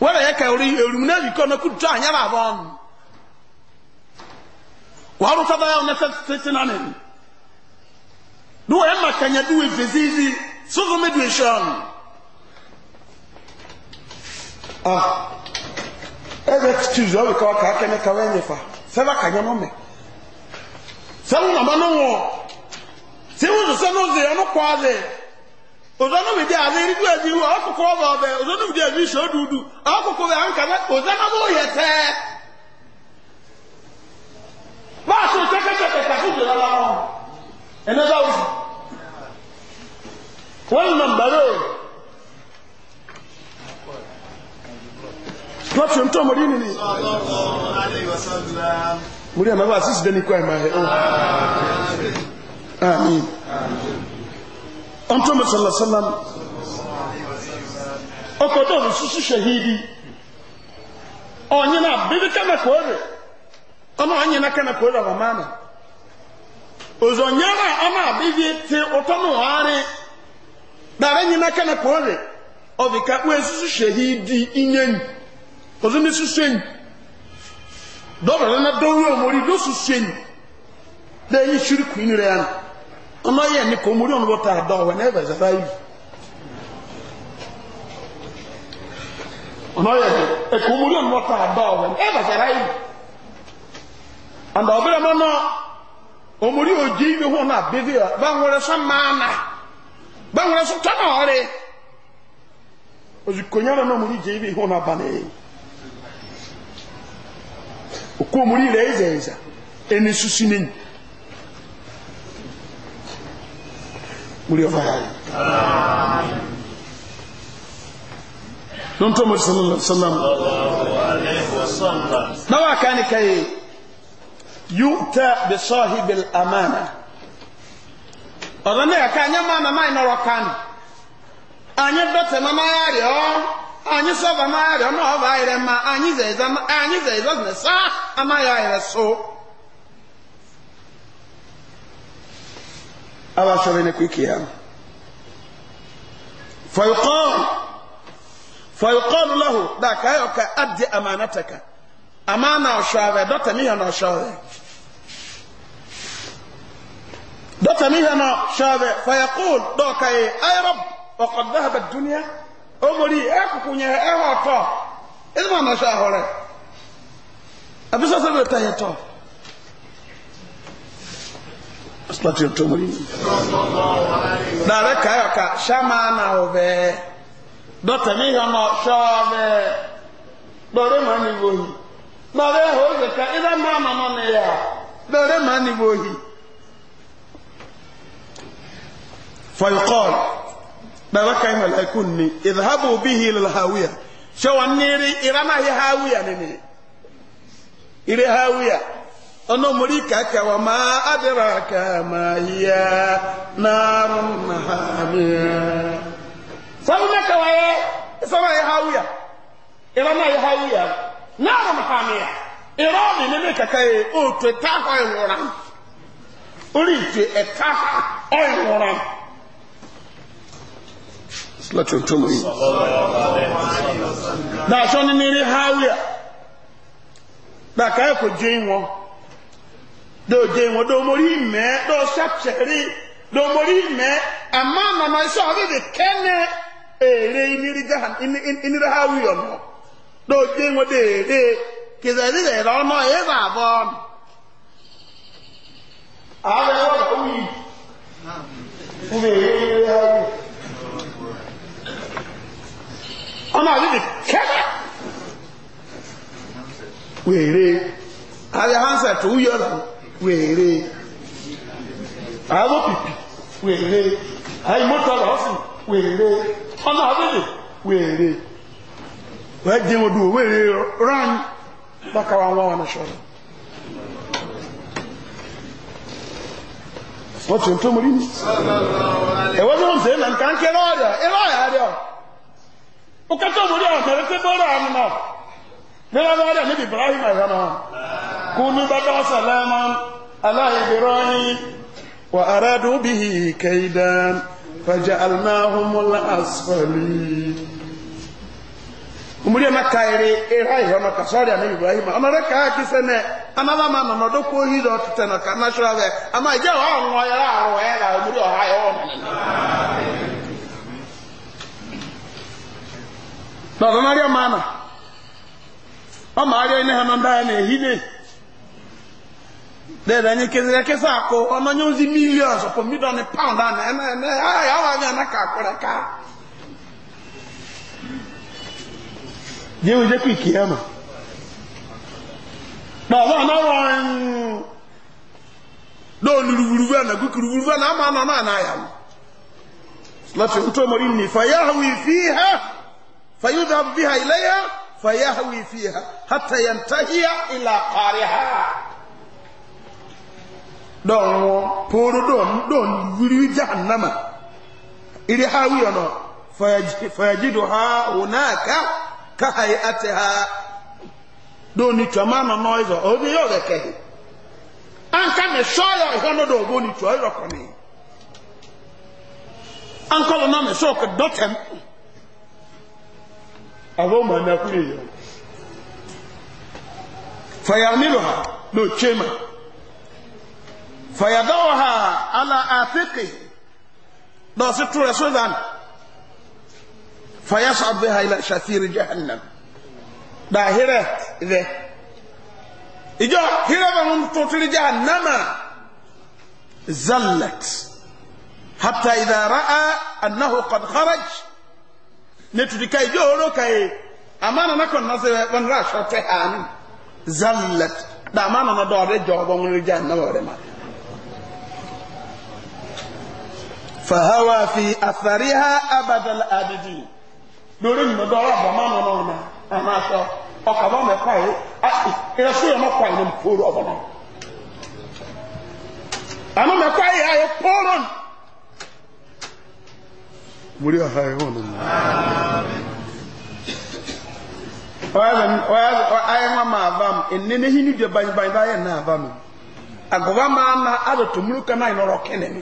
wọ́n yẹ kẹ́ orí èrùm náà yìí kọ́ ọ̀nà kú tó àyàrá àbọ̀ ọ̀nù wọ́n rú sábà yà ọ̀nà sẹ́sẹ́ náà nìyí duwa yẹn ma kanya duwa efizizi soso mi du ehyia ọ̀nù a ẹ̀rẹ́ títí zọ́ wíkọ́ ọ̀kà akẹ́ni kàwé ẹ̀nyẹ̀fà sẹ́fà kanya mọ́ mẹ́ sẹ́wọ́n nàbà náà wọ̀ sẹ́wọ́n sọ́sọ́ náà zè ọ̀nù kọ́ adé. ozonubidi azi ridu ezi iwu ọkụkụ ọba ọbẹ ozonubidi ezi isi odudu ọkụkụ bẹ nka bẹ ozonabu oye tẹ báàsì òtẹkẹtẹkẹtẹ fúdù lọlá wọn ẹnẹsà wọn nà mbẹrẹ o wọn sísè máa yẹ. ọ̀ntọ́mọ̀ sọ̀lọ̀sọ́lọ́m ọkọ̀dọ̀ òṣìṣẹ́ ṣahidi ọ̀nyẹ́nà bíbí kánàkóòrè ọmọ ọ̀nyẹ́nà kánàkóòrè wà mánà òzònyẹ́nà ọmọ àbíbí ti ọ̀tọ́mọ̀ wárí dàrẹ́ nyẹ́nà kánàkóòrè ọ̀bìkà òṣìṣẹ́ ṣahidi inyẹ́n òzòmí ṣiṣẹ́n dọ́bẹ̀rẹ̀ náà dọ́wọ́ òmòrí lóṣìṣẹ́n dẹ́yìn ṣírìkù yìí rẹ̀ yánà ọmọ yẹ ní kò múrí ọ̀nà wọ́ta àdán wẹ̀ náà ẹ̀fẹ̀ sáyé ọmọ yẹ ní kò múrí ọ̀nà wọ́ta àdán wẹ̀ náà ẹ̀fẹ̀ sáyé àndà ọ̀bẹ̀rẹ̀ mọ́ náà òmùrí òjì ìwé hùn náà bébí a báwọ̀rẹ̀ sọ máa nà báwọ̀rẹ̀ sọ tọ́nà ọ̀rẹ́ òsìkònyára náà múrí jẹ́ ìwé hùn náà bà náà òkú òmùrí rẹ̀ ẹ̀zẹ̀ ẹ̀zà susu nìyí muryofa yayi don to mutu sallallahu alaihi wasallam dawa kani kai yuta bi sahibil amana ọ̀rọ̀ náà ẹ̀ka ẹ̀yẹ́ máa mẹ́má ìnọ̀rọ̀ kan anyị dọtẹ mama ya rịọ anyị sọva ma ya rịọ na ọva ayịrị ma anyị zẹ anyị zẹ ịza saa ama ayịrị soo ألا سبينك وكيام فيقال فيقال له داك هيوك أدي أمانتك أمانة وشاوة دوتا ميهانا وشاوة دوتا ميهانا وشاوة فيقول دوك أي أي رب وقد ذهب الدنيا أمري أكو إيه، كوني أهو إيه، طا إذن ما نشاهو لك أبي سأسر بيتا يتو asipati otomori dare kayo ka shamana obe dota mi yono shobe dore mani bohi dore hoze ka ida mama mone ya dore mani bohi فيقال بابك ملائكني اذهبوا به الى الهاويه شو النيري ارمى هاويه نني الى هاويه ọ̀nà mọ̀rí kàkà ma máa ádìrà ma ya na náàrùn nàhàmìá. Sáwọn mẹ́ka wà yẹ sáwọn yẹ hawíyà, ìrọ̀ náà yẹ hawíyà, náàrùn ya Ìrọ̀ mi ní mi kàkà yẹ òtù ẹ̀ta hɔ ìwòrán. Orí ìtù ẹ̀ta hɔ ìwòrán. Sílẹ̀tì òtúmọ̀ yìí. Dàṣọ́ ni ní rí hawíyà. Dàkà doje wọn domori mẹ do sẹpsẹri domori mẹ ama mama sọ ọdún de kẹne èrè inira ha wuyọ nọ doje wọn de èrè kìsẹ̀sì de rọ nọ èyí e bà bọ. àwọn ẹ̀rọ ọ̀dọ̀ wuyi fún mi èrè inira ha wuyi. ọmọ ọdún de kẹne wèrè hansẹ̀ tó wúyọ nọ. wèrè àárò pìpì wèrè àìmọ́tò ọ̀sìn wèrè ọ̀nà àbẹ̀lẹ̀ wèrè wẹ́ẹ́ jẹ́ wọn dùn wèrè rán bákàwá wọn wọn ṣọ̀rọ̀. wọ́n ti tó mọ́rí ní. ẹ̀wọ́n ní ń sẹ́yìn nǹkan kí ẹ̀rọ ẹ̀rọ ọ̀yà rẹ̀ ọ̀. أكون بدع سلاما على إبراهيم وأرادوا به كيدا فجعلناهم الأسفلين umuliyama kaire erai hono kasori na ibrahima amara ka kisene amaba mama nodo ko hido tutena kana shrabe ama je wa onwo ya aro ya la umuri oha ya ona baba maria mama ama na dẹ́ẹ̀dẹ́ ẹ̀yìn kẹsìrẹ́ kẹsà kó ọmọ yẹn ń di millions ọ̀pọ̀ mílíọ̀nù pound àná ẹ̀nà ẹ̀nà ayé àwọn àmì àná kà kúrẹ́ ká. yẹ́n o jẹ́ kí kì í ẹ̀ mà. bàbá àná wọ̀ ẹ̀ ń lóòlù rúburúbú ẹ̀ nà kúkúrú rúburú ẹ̀ nà àmà àná àná àyà wò. láti ntọ́ mọ̀ ní fàyàwì fi hà fàyúdà bí hà ilẹ̀ yà fàyàwì fi hà hàtàyàntàhíyà ìlà kàrí hà. dɔnwɔ pooro dɔn dɔn wiri jahannama iri hawi yɔnɔ fɔyajidu ha wonaka kahayi ate ha dɔɔni twa maa nɔ nɔ yɔ o de yɔ bɛ kɛhi an ka mɛ sɔ yɔ hɔn dɔ bɔ ni twa yɔ kɔni an kɔlɔ nɔ mɛ sɔ kɛ dɔ tɛm a b'o ma na kuli yɔ fɔyamilu ha n'o tse ma. فيضعها على آفقه ناصت رسولا فيصعد بها إلى شثير جهنم داهرة إذا إجا هنا من توتر جهنم زلت حتى إذا رأى أنه قد خرج نتدكي جوروكي أمانا نكون نظر من راشة تهان زلت دا ندور جهنم ورمان فهوى في أثرها أبد الآبدين دورين مدورة بمانا نورنا أنا أشعر أكبر مقاي إرسوية مقاي نمكور أبنا أنا مقاي أي بورن مريا هاي هون وأنا وأنا ما أفهم إنني هني جبان بان بان أفهم أقوى ما أنا أدت ملوكنا إنه ركنني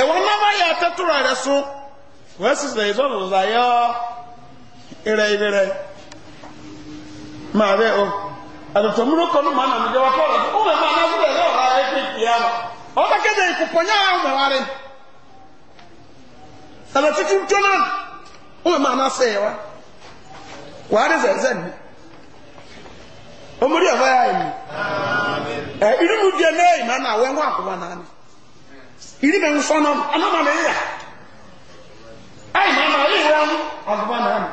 ẹ̀wọ̀n náà máa yà tẹ́tùrà rẹ̀ sún sì máa o àdùtò múlò kan ní nà ní ìjọba pọ́ọ̀lù ó máa náà sílẹ̀ yọ̀ ọ̀rá ẹgbẹ́ ìpìyà mà ọ̀dọ́ kéde ìkùpọ̀ ní àwọn ọmọ wa ẹ̀rọ títí tó náà máa náà sẹ̀ Iri bẹ̀rù sọ́nà anáma lè yà áì máa máa lè wọ́n ọ̀dọ́bá ka nù.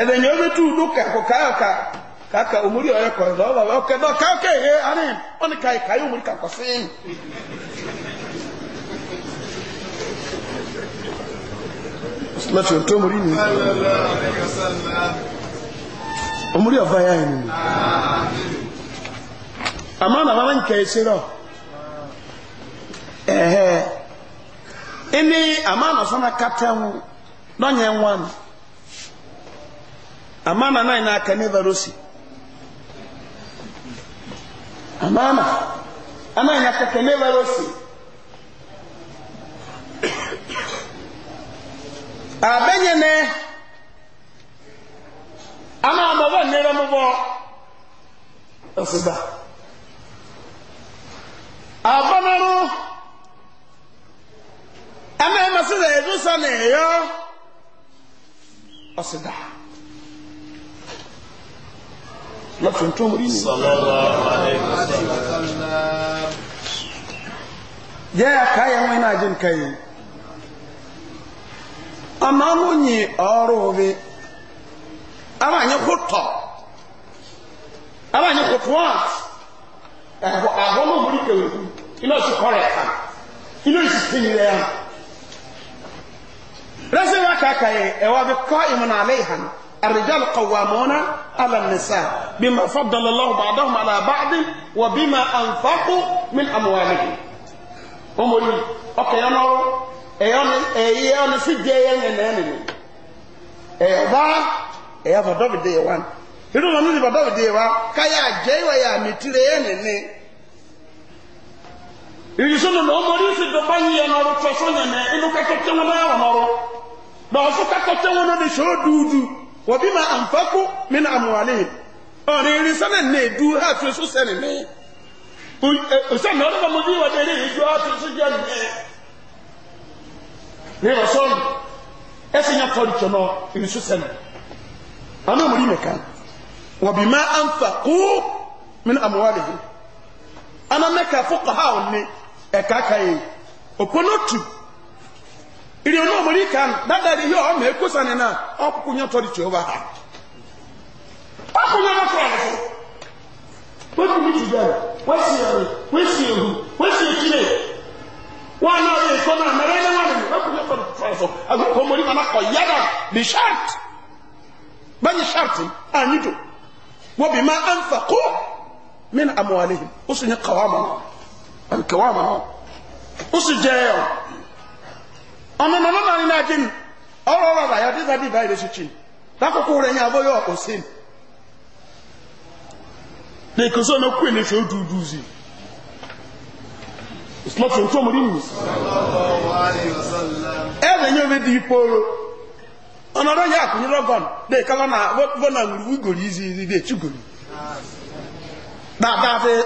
ẹ̀bẹ̀ ni ó bẹ tú dúkà kò ka kàkà òmùrí ọ̀rẹ́ kọ̀ ẹ̀dọ́ ọ̀bà ọ̀kẹ́ bá káyọ̀ká èyí àná wọn ni káyọ̀ káyọ̀ òmùrí kàkọ́ sí i. ɛhɛ ɛni amana fana kata ho dɔnyɛ nwa m. nan na aka ne varosi amana anan na aka ne varosi abenye ne ama amabɔ nnere mobɔ ɔsida abanaro. ɛmɛ ɛmɛ sɛ sɛ ɛdu na ɛyɔ ɔsi da lọtun tó mu yìí. aka yẹ wọn náà jẹ nka yìí ama mo nyi ɔrò bi ama nye ko tɔ ama nye ko tó a ɛhɔ ahɔ mo wuli kewu ina o si kɔrɛ kan ina o si sinyi lɛ yan. رسل وكاكاي وابي قائم عليها الرجال قوامون على النساء بما فضل الله بعضهم على بعض وبما أنفقوا من أموالهم أمري أوكي أنا أنا أنا في جاي أنا أنا أنا أنا فضل بدي وان irú wọn ní bàbá òde wa káyà jẹ́ ìwà yà mí tìrẹ yẹn nìní ìrísọ́nà ọmọ orí ìfìdọ̀bá yìí ẹ̀nà ọ̀rọ̀ tọ́sọ́ yẹn nìní inú kẹ́kẹ́ tí wọ́n náà wà náà na ọsụka kọta wọn na nso duudu wọbi ma amfako mi na amuale ọ na eri sani na edu ha tu so sani ne ọsẹ na ọdọ mo na wọn eri edu ha atụ so jẹ ne ne yọ sọrọ ẹsẹ nya tọ ntọ nọ eri so sani ọmọ mo di mẹka wọbi ma amfako mi na amuale ana ọ ni ẹka ka ya okponotu. iri ono omori ka dadari ihe ọma ekosa ni na ọkụkụ nye ọtọ ha ọkụkụ nye ọtọ ọrụ wetu mi ti bẹrẹ wesi ehu wesi ekire wọn náà yẹ ìkọ náà mẹrẹ ẹni wọn nìyẹn ọkụkụ nye ọtọ dị chi ọba ha bi ma anfa mi na amuwalehim ó sì nye ọmọ mọ mọ ní náà jẹun ọrọ ọrọ àbàyọ dídá bíbá ìlú ṣìṣì lákòókò rẹ yẹn abọyọ ọkọ sí na ìkọsọ náà kú ènìyàn ṣòwò dúdú sí i ìsìlọ́tì ohun tó mọ̀ nínú. ẹ ẹ lẹ́yìn omi di yẹ àkùnrin náà dáadáa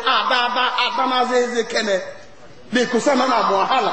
àdáadáa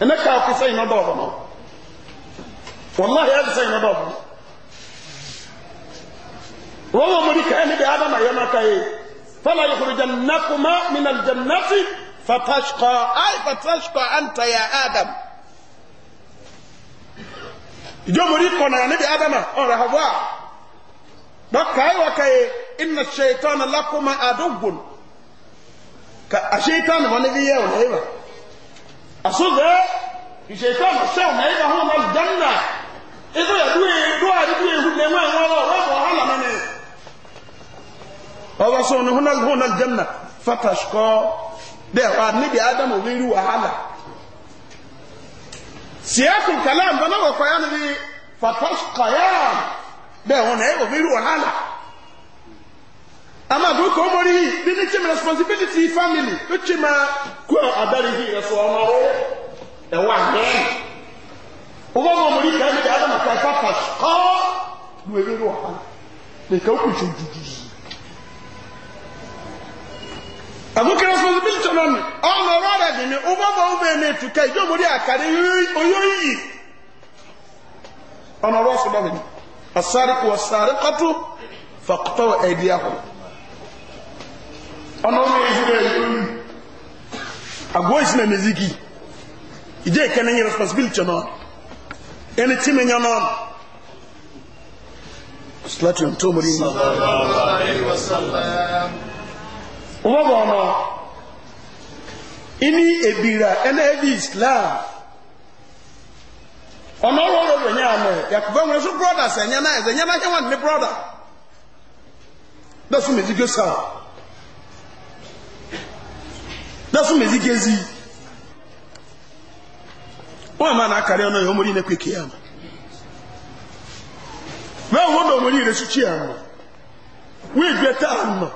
ɛnɛ kaa fi sɛn na dɔɔbɔ no walahi ɛfi sɛn na dɔɔbɔ no wɔn wɔn mo di kaa ɛni bɛ adama yɛ ma ka ye fala yɔkuru jannakuma minal jannati fatashqa ayi fatashqa anta ya adam ìjọba orí kọ̀nà níbi adama ọ̀rẹ́ hawa dọ́kà ayé wa ka ye ina ṣe ìtọ́nà lakuma adogun ka a ṣe ìtọ́nà wọn níbi yẹ ọ̀nà yìí wa. أصد إيه يشيطان الشيخ نعيبه يعني هو مال الجنة إذا يدوي دوا يدوي يقول لي وين ولا وين وحالا من إيه أبا صون هنا هنا الجنة فتشكا ده قاد نبي آدم وغيره وحالا سياق الكلام بنا وفيان ذي فتشقيا ده هنا وغيره وحالا ama do ko mori We need ni chim responsibility family to chim ko adari hi so ama ro e wa he o to mori ka ni adam ka ka pa ko du e ro ha de ka ku chu ju ju abu ka responsibility non ama ro ra de ni o ba ba o be ni tu ka jo mori akare oyoyi ama ro so ba ni السارق والسارقة فاقطعوا أيديهم ọ̀nà omi ìṣúlẹ̀ ìlú àgbó ìṣúlẹ̀ mẹ́zíkì ìjẹ́ ìkẹ́ni yẹn responsibility náà ẹni tí mi yàn náà sílẹ̀tì tó mú rí wọ́n bọ̀ ọ̀nà iní èbìrà ẹni ẹbí islam ọ̀nà ọ̀rọ̀ ọ̀rọ̀ ẹ̀yẹ àmọ̀ yàtọ̀ wọn sún brọ́dà sẹ̀yẹ náà ẹ̀yẹ náà kẹ́wọ́n ní brọ́dà bẹ́ẹ̀ sún mẹ́zíkì sáà dasu mezi gezi wọn ma na-akarị ọnụ ya omori na-ekwe ke ya ma wee hụ na omori resuchi ya ma wee bie taa mma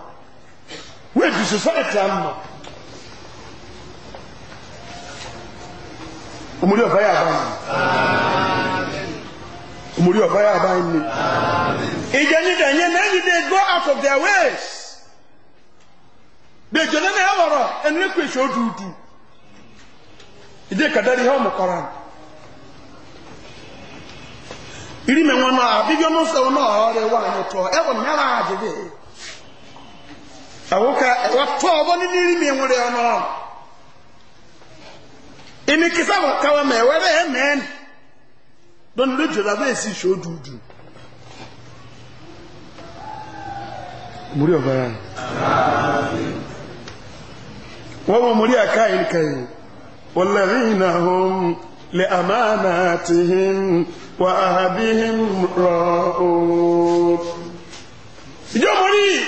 wee bi sosaiti e a mma omori ọba ya aba anyị omori ọba ya aba anyị ịga nyida nye go out of their ways dejo na ya wọrọ ẹni kwesị odudu ide kadari ihe ọmụkọrọ irime nwa nọ abịbịa n'ụsọ nọ ọrụ ewa anyị tụọ ewe mmara adịghị awoka ewa tụọ ọbọ n'ime irime enwere ọnụ emi kisa wakawa ma ewere emen don rejo na bee si so odudu muri ọbara وهم مريكا كي والذين هم لأماناتهم وأهدهم راؤون يومري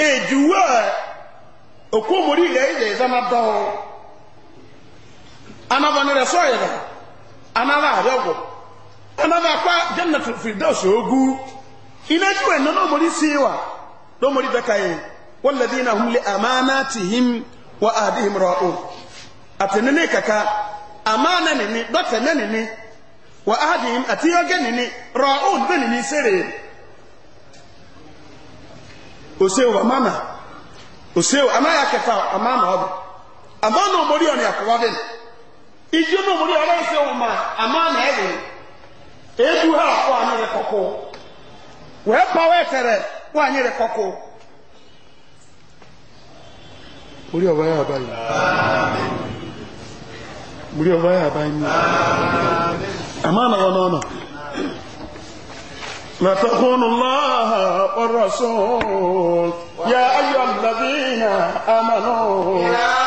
إجواء أكومري لأيدي إذا ما دعوا أنا بني رسوية أنا لا أدعو أنا لا أقوى جنة في الدوس يوغو إلا جواء نمري سيوا نمري بكاين والذين هم لأماناتهم wa ahadihim ra'un nene kaka amana nene dɔtɛ nene wa ahadihim ati yɔge nene ra'un bɛ nene sere osewo amana osewo anaya kɛta amana ɔbɛ amana omori ɔne akɔwa bɛ iju na omori ɔne osewo ma amana ɛbɛ edu ha akɔ anyi rɛ kɔkɔ wɛɛ pa wɛɛ tɛrɛ wɔ anyi rɛ kɔkɔ. orí ọba yà báyìí orí ọba yà báyìí ní àmàna wọn náà لتكون الله والرسول يا أيها الذين آمنوا يا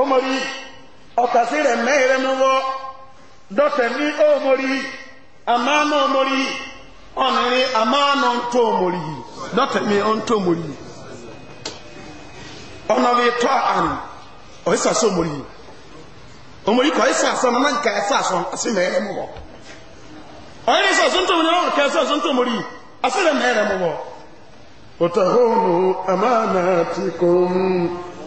ọmọrí ọ̀kàsí rẹ̀ mẹ́rin mọ́wọ́ dọ́tẹ̀ ní ọmọrí àmánà ọmọrí ọ̀nìrin àmánà ntó ọmọrí dọ́tẹ̀ ní ọ̀ntó ọmọrí ọ̀nàbí tọ́ àrùn ọ̀ísàsọ ọmọrí ọmọrí kọ̀ ọ̀ísàsọ nánà nkà ẹ̀sàsọ àti mẹ́rin mọ́wọ́ ọ̀ísàsọ ntó ọmọrí ọ̀kà ẹ̀sàsọ ntó ọmọrí àti mẹ́rin mọ́wọ́ òtàhónù àmánà tìkùn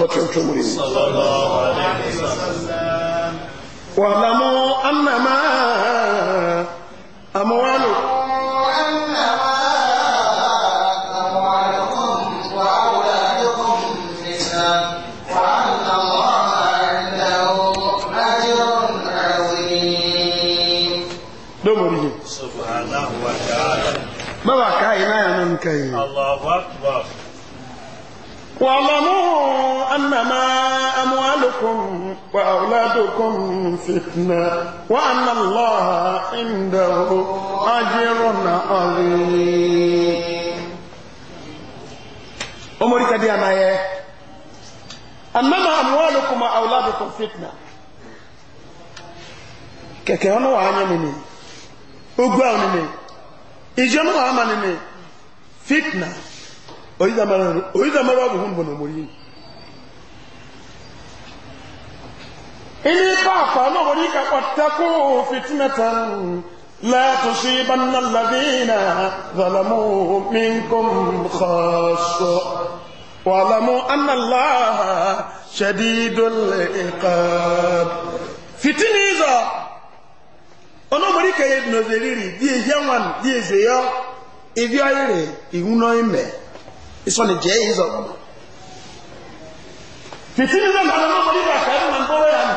لطنت مريم صلى الله عليه وسلم واعلموا أنما أموالكم ما بقى هنا يا منكين الله أكبر واعلموا أنما أموالكم وأولادكم فتنة وأن الله عنده أجر عظيم أمريكا دي أنا أنما أموالكم وأولادكم فتنة kẹ̀kẹ́ ọ̀nà wà ányẹ́ nìní ogbó àwọn nìní ìjọ náà fitna oyídàmọ́rọ̀ ọ̀bùhùn bọ̀ nà إني فاقا نغريك واتقوا فتنة لا تصيبن الذين ظلموا منكم خاصة واعلموا أن الله شديد العقاب فتنة إذا onomorika yɛ nɔzeriri die hiawan die zeyɔ evi ayere iwunɔ imɛ isɔni jɛ yi zɔrɔ fitini zɔn na onomorika kɛrin na nkɔwɛ yanni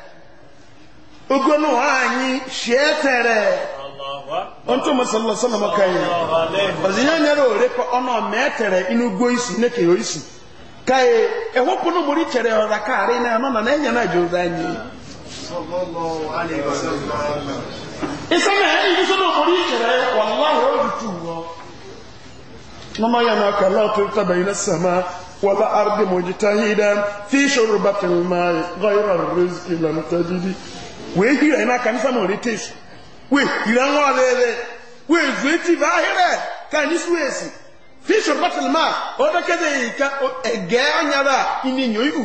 ogonu anyi shetere onto masalla sallama kai barzinya nyaro re ko ono metere inu goisi neke yoisi kai ewo pono mori tere ora kare na no na nya na joza anyi sallallahu alaihi wasallam isama hadi sono mori tere wallahi o tuwo mama yana kala to tabayna sama ولا أرض مجتهدا في شربة الماء غير الرزق لم تجد wee hiri anyị n'aka nsa ma orete esi wee hiri anwa ọlele wee zuo eti bụ ahịrị ka esi fisho battle ma ọ ka ege anyara inenyo ihu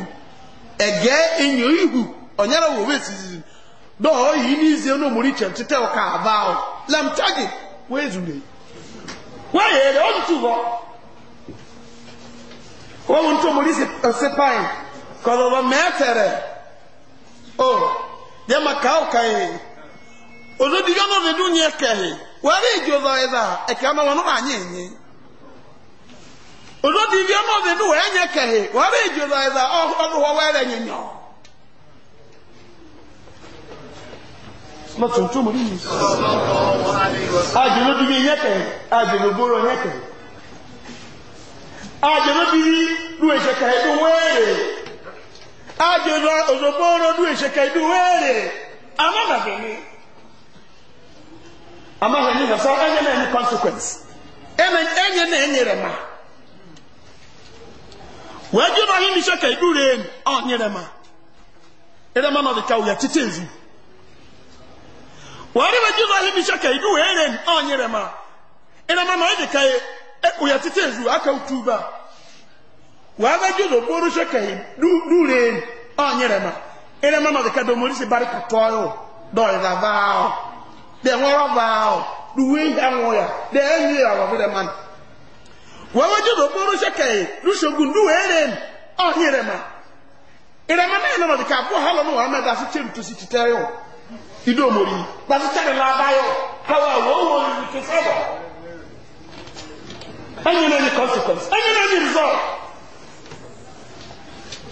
ege enyo ihu ọnyara wo wee sizi dọọ yi n'izie n'omori chem tete ọka aba ahụ lamtagi wee zure wee yere ọ ntụ bọ ọ ntụ omori sepain kọlọlọ mẹtẹrẹ o. deɛ maka kaa ɔka yi ɔdɔ nye yɔn ɔdɔ do nyɛ kɛ anyị wɔyɛ edi ɔdɔ yɛ dza ɛkɛ ama wɔn ɔba nyɛ nyi ɔdɔ bi yɔn ɔdɔ do wɔyɛ nyɛ kɛ yi wɔyɛ edi ɔdɔ yɛ dza ɔdɔ ajụjụ ozugbo ọrụ du echeka idu were amaghị amaghị na sa enye na-enye consequence enye na-enyere ma wee jụ na ihe echeka idu ree ọ nyere ma ere ma nọdụ ka ụya titi ezi wee rịba jụ na ihe echeka idu were ọ nyere ma ere ma nọdụ ka e, e, ụya titi ezi aka utu ube a wabajjuza okworusha kahi duleni onyerema erema mazika domorisi bari katoyo doyeza vao deng'oro vao duweya ng'oya denyiya wabire man wabajjuza okworusha kahi dushogun duwereni onyerema erema nayena mazika abwo halo nuwameda asicherutusi kiteyo idomori basicharelabayo hawa wowolitusobo enyina ni consequence enyina ni result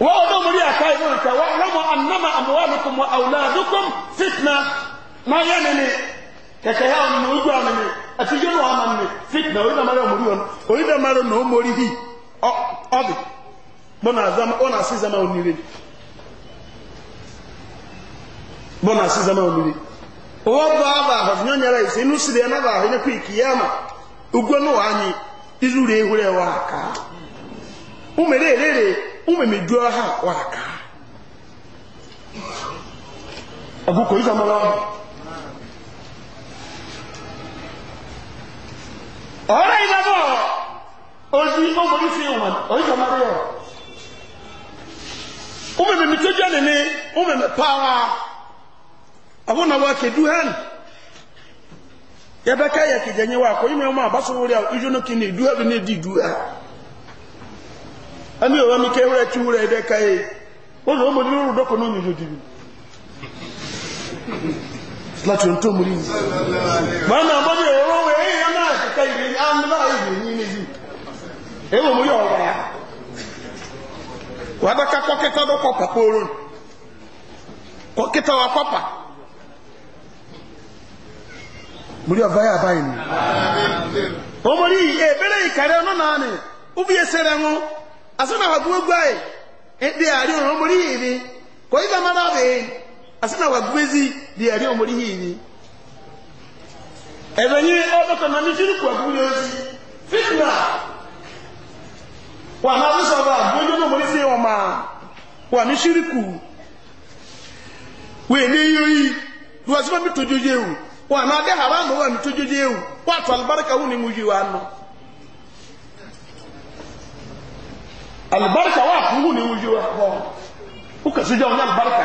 وأنا مريا كايبونك aka أنما أموالكم وأولادكم فتنة ما يعني kẹkẹ yà ọmọ ojú àmì ni àtijọ́ ní ọmọ mi fitna oyin amara ọmọ orí wọn oyin na ọmọ orí na bọ́nà azama zama onire bọ́nà àti zama onire owó bọ́ abà àhọ̀fù inú sílẹ̀ náà bá àhọ̀fù ẹ̀kọ́ ìkìyàmà ugbó náà wà á nyi rẹ̀ ehurẹ̀ wà á ọmọ rẹ̀. umemejua ha waka aguko hizo mama ora inabo ozi mo mo fi wan ozo mario umememejua nene umemepawa abona wake duhan yabaka yakijanye wako imwe mwa baso wuri ijono kini na edi di duha ami owa mi ke wura ci wura ede ka ye o no nyu láti ohun tó múrí yìí mọ́nà bọ́dí ẹ̀rọ wẹ̀ èyí náà kẹta ìrìn àmìlá ìrìn ní yìí mú yọ ọ̀rọ̀ ya wà dákà kọ́kẹ́tọ́ tó pọ̀pà kóorùn yà báyìí ni asana wagwegwae ndi e, ari ono muri hivi kwa hivyo marabe asana wagwezi ndi ari ono muri hivi ebenye odoka na mishiri kwa gulezi fitna wa nazisha ba gwejo no muri se wama wa mishiri ku we ni yoyi duwasima mitojoje wu wa na de haramu wa mitojoje wu wa twa albaraka hu ni muji wa no alibarika wa afungu ni wuyi wa Ụka uka sojɛ wɔn alibarika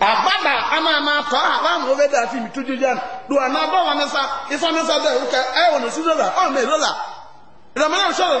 agbada ama ama tɔ ala wa mo bɛ da fi mi tuju jan do ana bɔ wa nisa isa nisa dɛ ụka ɛ wɔ ne si la ɔ mɛ do la ìdàmínà sọ̀rọ̀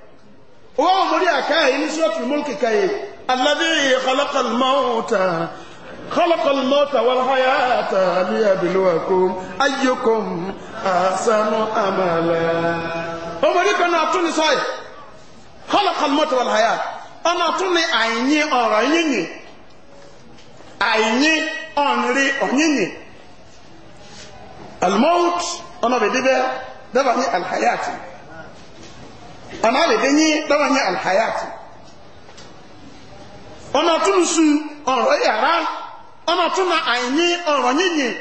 wọ́n mú rí àkáyà yìí ní sọ́ọ̀tù múlùkì káyè alábí kọlọ́kọlmọ́ta kọlọ́kọlmọ́ta wàlháyàtà ní abiluwakum ayyukum asanu amala. wọ́n mú rí kan náà tún ní sọ́ọ̀yì kọlọ́kọlmọ́ta wàlháyàtà ọ̀nà tún ní àìyí ọ̀rọ̀ yìnyín àìyí ọ̀nrí ọ̀yìnyín almọ́t ọ̀nà bèdébẹ́ dábàá ní alhayati ana le denye dawa nye alhayati ona tunu su oro yara ona tuna ayini oro nyinyi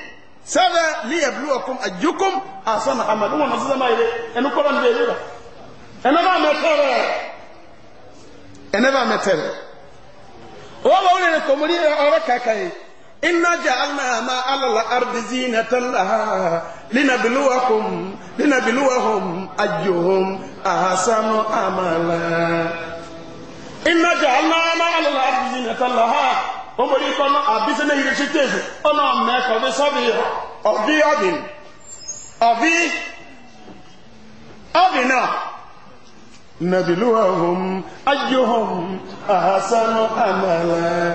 sebe li yabluwakum ajukum asana amadu wa nasuza maile enu kwa nbe leba enaba metere enaba metere owa wa ule ne komuri oro kakai إنا جعلنا ما على الأرض زينة لها لنبلوهم لنبلوهم أيهم أحسن عملا إنا جعلنا ما على الأرض زينة لها أمري كما كنا أبيسنا يرشتيه أنا أمك أبي صبي أبي أبي أبي أبينا نبلوهم أيهم أحسن عملا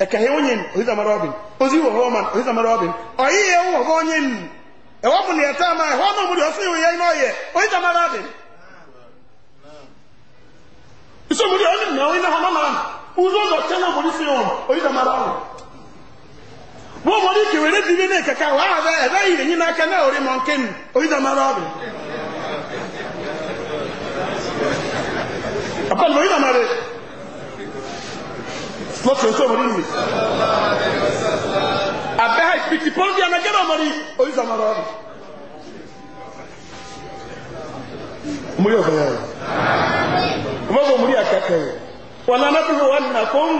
ɛkɛhɛ onyen ozamara ɔbin ozi wɔ hɔ man ozamara ɔbin ɔyi yɛ wɔ hɔ onyen ɛwɔ mu ni ɛta ma ɛhɔ na ɔmuli ɔsi yɛ yɛ n'ɔyɛ ozamara ɔbin isomuli ɔni na oyin na hɔ nɔnɔ ama uzo zɔ na ɔmuli si yɛ wɔn ozamara ɔbin wọ́n mọ̀ ní kèwèrè dìbí ní kẹ̀kẹ́ wà á bẹ ẹ̀bẹ́ yìí yìí náà kẹ́lẹ́ orí mọ̀ nkẹ́ mi oyinamara ọ̀bìn. àpẹẹrẹ oyinamara ọ̀bìn mọ́tò tó mọ́rí mi. abẹ́hà ìpìtì pọ́ńdì ànágẹ́rẹ́ ọmọdé oyin sọmọ rọ ọdún. mo yọ bẹ́ẹ̀ mo bọ̀ mo rí akẹ́kẹ́ yẹn. wọn nana tó wọn nà kó ń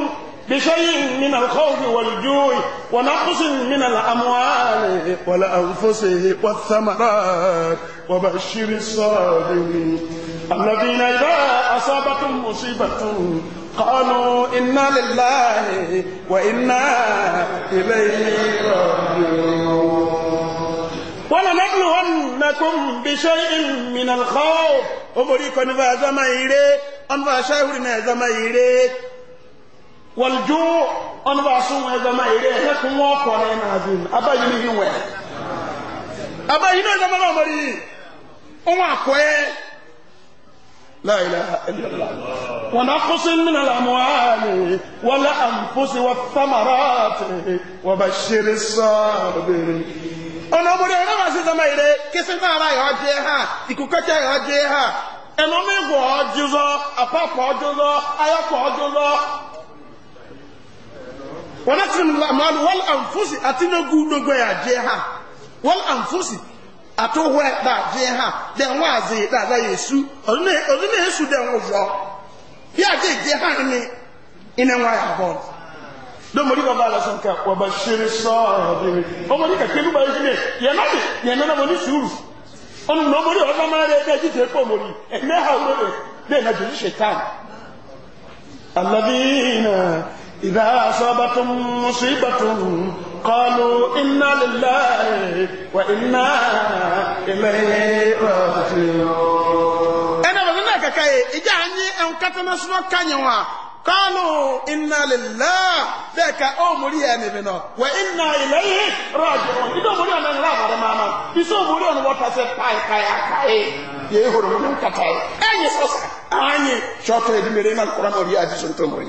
bishẹ́yìn min alkhawfi walju'i wa naqsin min al'amwali wal anfusihi wath thamarat wa bashiri sabirin alladhina idha asabatum musibatun قالوا إنا لله وإنا إليه راجعون ولنبلونكم بشيء من الخوف أمريكا نفاز ميري أنفا شاور نفاز ميري والجوع أنفا سوم نفاز ميري لكم وقرين عظيم أبا يمين وين أبا يمين زمان أمري أمعكوين لا إله إلا الله ونقص من الأموال والأنفس والثمرات وبشر الصابرين ọ̀nà ọmọdé ọ̀nà wà sí sọmọ ìrẹ kìsì náà ara ìhọ́ jẹ́ ha ìkùkẹ́kẹ́ ìhọ́ jẹ́ ha ẹnu mi wọ̀ ọ́ jùlọ àpapọ̀ ọ́ jùlọ ayọ́pọ̀ ọ́ jùlọ. wọ́n náà ti wọ́n àǹfọ̀sì àti nógún nógún ẹ̀ àjẹ́ ha wọ́n àǹfọ̀sì Ato atohore da je ha den wazi da da yesu onu onu yesu den ojo ya je je ha ni ina wa ya bon do mori baba la san ka wa bashir sabir o mori ka kelu ba yesu ne ya na ni ya na mo ni suru onu no mori o na ma re de ji te ko mori e ha o re de na ji shetan alladina إذا أصابتهم مصيبة قالوا إنا لله وإنا إليه راجعون أنا بقول لك كي هني أن كتنا سنو كانيوا قالوا إنا لله ذاك أو أنا بنا وإنا إليه راجعون إذا أمري من لا غير ما أنا بس أمري أنا واتسف باي باي باي من كتاي أني سوسك أني شاطر دميري من القرآن أبي أجلس أنتم أمري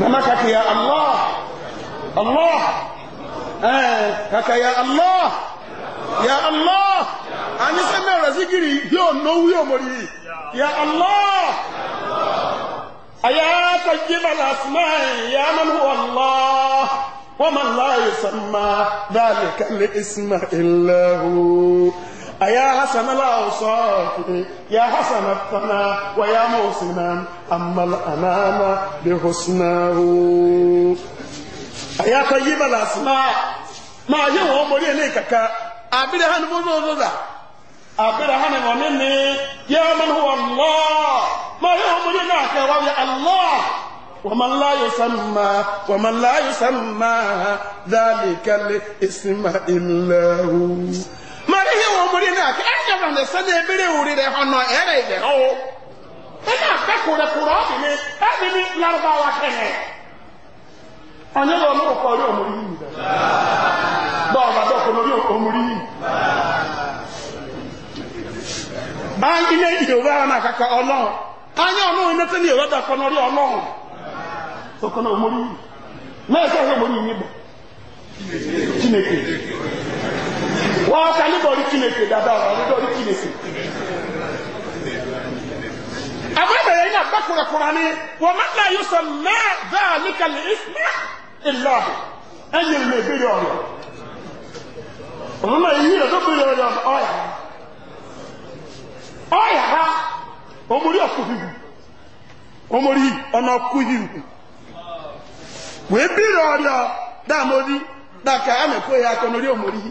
ممكك يا الله الله آه يا الله يا الله أنا سمع رزقي يوم نو يوم ري يا الله أيا تجيب الأسماء يا من هو الله ومن لا يسمى ذلك الاسم إلا هو أيا حسن الأوصاف يا حسن الثناء ويا محسنا أما الأنام بحسناه أيا طيب الأسماء ما يوم مريم كاكا أبدا هنبوزوزا أبدا هنبوزوزا يا من هو الله ما يوم مريم كاكا الله ومن لا يسمى ومن لا يسمى ذلك الاسم إلا هو mari hi wo muri na ka aka e ba ne sane ebere uri re hono ere ide ho ena ka ko re kuro bi ne abi ni e larba wa kene onye lo no ko ri omuri ni ba ba do ko no ri omuri ni ba ile yoruba na kaka ọlọrun anya ọlọrun mẹta ni yoruba kọ nọrí ọlọrun ọkọ náà omori yìí mẹta ọlọrun omori yìí bọ chineke wọ́n ọ̀sán níbọ̀rí kìnèsè dáadáa ọ̀sán níbọ̀rí kìnèsè. àbábẹ̀rẹ̀ yìí àgbà ni wọ́n máa ń láyé sọ mẹ́ẹ̀ bẹ́ẹ̀ ní ìsúná ìlọ ẹ̀yìn lè bèrè ọ̀rọ̀ òun náà yìí ọrụ ọrụ ọ̀rọ̀ ọ̀yà ọ̀yà ha omori ọ̀kú ọ̀nà ọ̀kú wèé ọ̀rọ̀ ya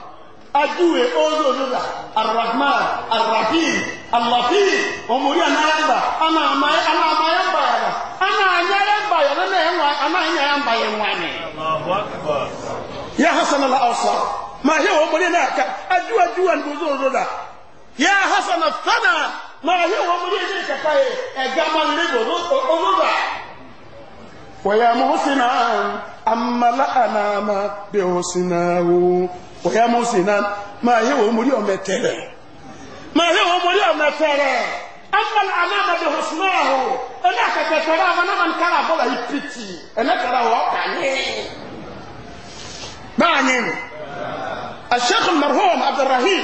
ajuwe ozuzo ozoza arrahman arrahim allatif omuri anayamba ana amayamba yaba ana anyayamba yaba na enwa ana anyayamba yenwane ya hasan al ma hiya omuri na ka ajuwa ajuwa ozo ya hasan al thana ma hiya omuri na ka kai egama lebo ozoza ويا محسنا أما لأنا ما wòye mọ́sí náà máa yẹ wọ́n mọ́rí ọmọ tẹ́rẹ̀ máa yẹ wọ́n mọ́rí ọmọ tẹ́rẹ̀ ẹnfẹ̀l anáàmàdé hosùnmọ́ ọ̀hún ẹnẹ́ àkẹ́kẹ́ tẹ́rẹ̀ amánámà na kára àbọ̀là yìí pìtì ẹnẹ́ tẹ́rẹ̀ àwọn ọ̀kà yẹ. báà ní nù asheikh marhum abdulrahim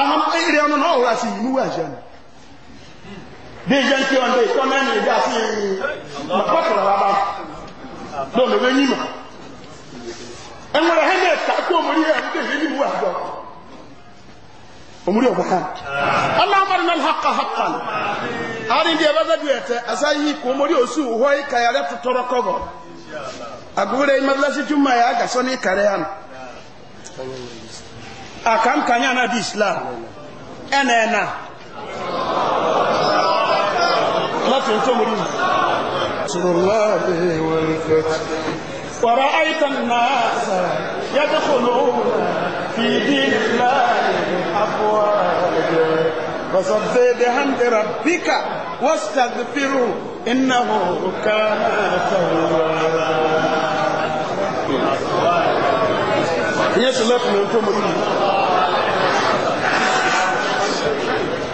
aham ayiri ọmọ náà wúra sí inú wáyé ni bí ìjẹun kí wọn dé ìtọ́ ma ní ìdí àti pọ́tùrọ̀ bàbá lónìí wọ́n yín mọ́ ẹnwẹ̀rẹ̀ ha náà tàkó omori yẹ ẹ̀mí tẹ̀lé ní ìwú àgbọ̀ omori ọ̀gbọ̀ ha ọlá ọmọdé náà haka haka ari ndi ẹbẹ bẹbi ẹtẹ asa yi kò omori osu wọ ikayarẹ tutọrọ kọgọ agbóhùrẹ yìí mẹbilasi juma yà agasọ ní ìkàrẹ hàn àkànkànyà náà di islam ẹnẹ ẹnà láti ntọ́mọdé sọ̀rọ̀ láàrin wọn fẹ́. ورأيت الناس يدخلون في دين الله أفواجا فصب بحمد ربك واستغفره إنه كان توابا يسلك من تمر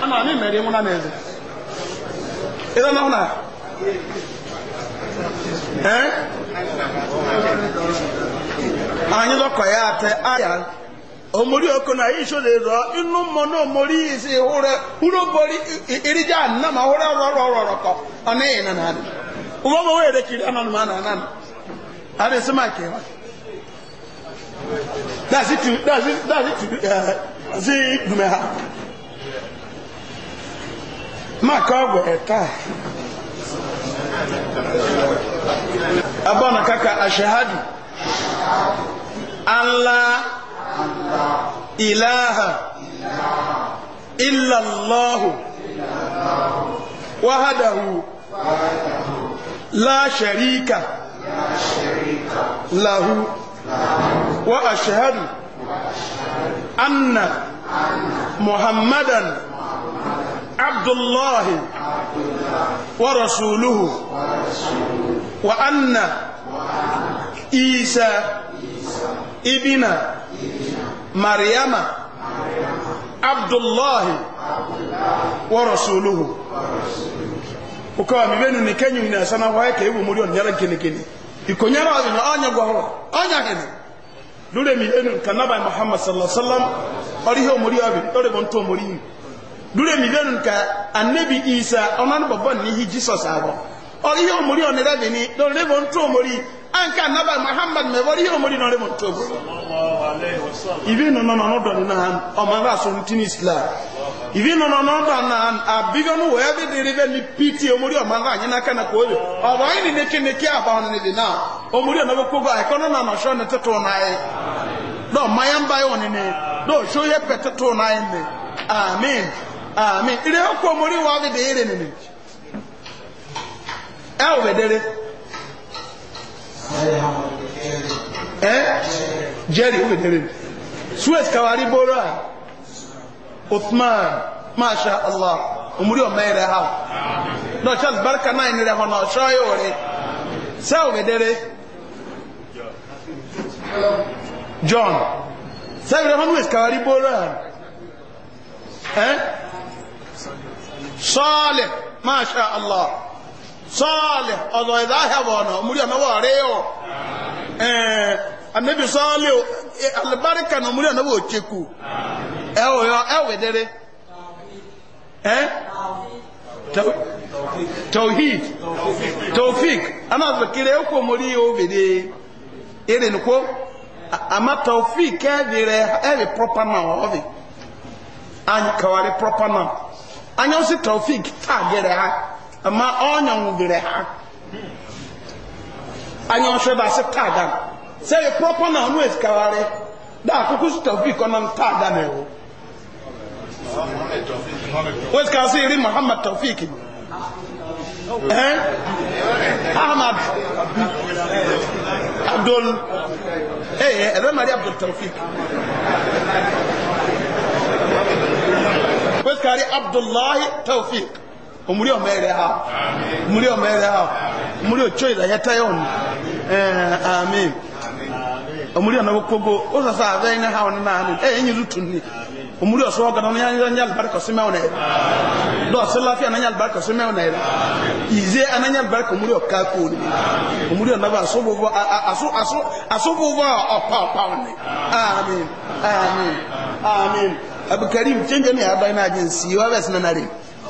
أنا أمين مريم أنا نازل إذا ما هنا ها anyị lọkọ ya atẹ aya omori oko na yìí sọlẹ rọ inú mọ isi mori yìí sí ìhúrẹ húrọbọrí ìrìjà nàmà húrẹ ọrụ kọ ọ̀nà yìí nà nàní wọ́n mọ̀ wẹ́rẹ́ kiri ọ̀nà nà nàní àbẹ̀ sọ́mà kẹwà dàsí tu dàsí dàsí tu eh, ha abana kaka ashahadu Allah ilaha illallahu wahadahu la sharika lahu wa ashahadu anna muhammadan عبد الله ورسوله, ورسوله وأن عيسى ابن مريم عبد الله ورسوله ukawa mibenu ni kenyu ina sana waeke hivu mulio nyara kini kini ikonyara ina anya gwahoro anya kini lule mibenu kanaba muhammad sallallahu alaihi wasallam oriho mulio abi tole bonto mulio lule mibenu ka anabi isa onani baba ni hi jesus abo ọrịa yóò mórí ọ̀nẹ́rẹ́ mi ni lórí mo ń tó anka naba muhammad mẹ wọ́n rí yóò mórí lórí mo ń tó mórí. ìbí nínú nínú dọ̀nù náà ọmọ bá ni na ẹ wọ bẹ dẹrẹ ẹ jerry wọ bẹ dẹrẹ suez kawari boro a othman masha allah omuri ọmọ rẹ ha náà charles barka náà ẹni rẹ hàn náà ṣọ́ yóò rẹ sẹ wọ bẹ dẹrẹ john sẹ wọ bẹ kawari boro a ẹ sọọlẹ masha allah sọ́ọ̀lẹ̀ ọ̀dọ̀ ẹ̀dá ẹ̀wọ̀ ọ̀nà múrí ọ̀nàwọ̀ rẹ̀ ọ̀ ẹ̀ẹ́nẹ́bì sọ́ọ̀lẹ̀ alìbáríkà nà múrí ọ̀nàwọ̀ òkèkù ẹ̀wọ̀ ẹ̀wẹ̀dẹ̀rẹ̀ ẹ́ tawhid tawfik ana zakire ko muri yo bede irin ko ama tawfik ke dire every amma ɔnya ŋubere ha anyɔnhwɛ baase taa dan sɛ ekpɔkpɔ na ɔno esikawari da akoko so tafi kɔnɔ taa dan o wesika se iri muhammad taufik ɛn ahmad abdul ɛyɛ ɛbɛ mari abdul taufik wesika ri abdullahi taufik ha omuli omere hao omuli omere hao omuli ochoira yatayoni eh, amin omuli onabukogo osasa aveine hao ninani eyinyirutuni eh, omuli osogana onyanira nyalibarika osemeonere dose lafiya nanyalibarika osemeonere ize ananyalibarika omuli okakuni omuli onaba asubuva opapaone amin amin amin abukarim chenjeni abainajinsi wabesina nalimi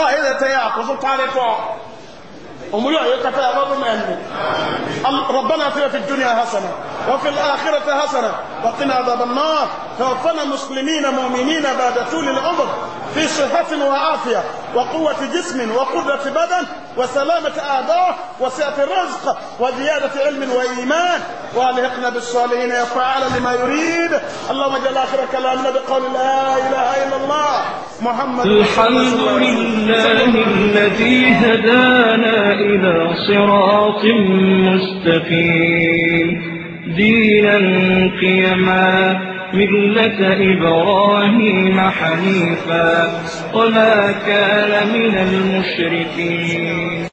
ọ ilẹ̀ tẹ́ àkóso ربنا في الدنيا حسنة وفي الآخرة حسنة وقنا عذاب النار توفنا مسلمين مؤمنين بعد طول العمر في صحة وعافية وقوة جسم وقدرة بدن وسلامة أعضاء وسعة الرزق وزيادة علم وإيمان والهقنا بالصالحين يا فعال لما يريد اللهم اجعل آخر كلامنا بقول لا إله إلا الله محمد الحمد لله الذي هدانا إلى صراط مستقيم دينا قيما ملة إبراهيم حنيفا وما كان من المشركين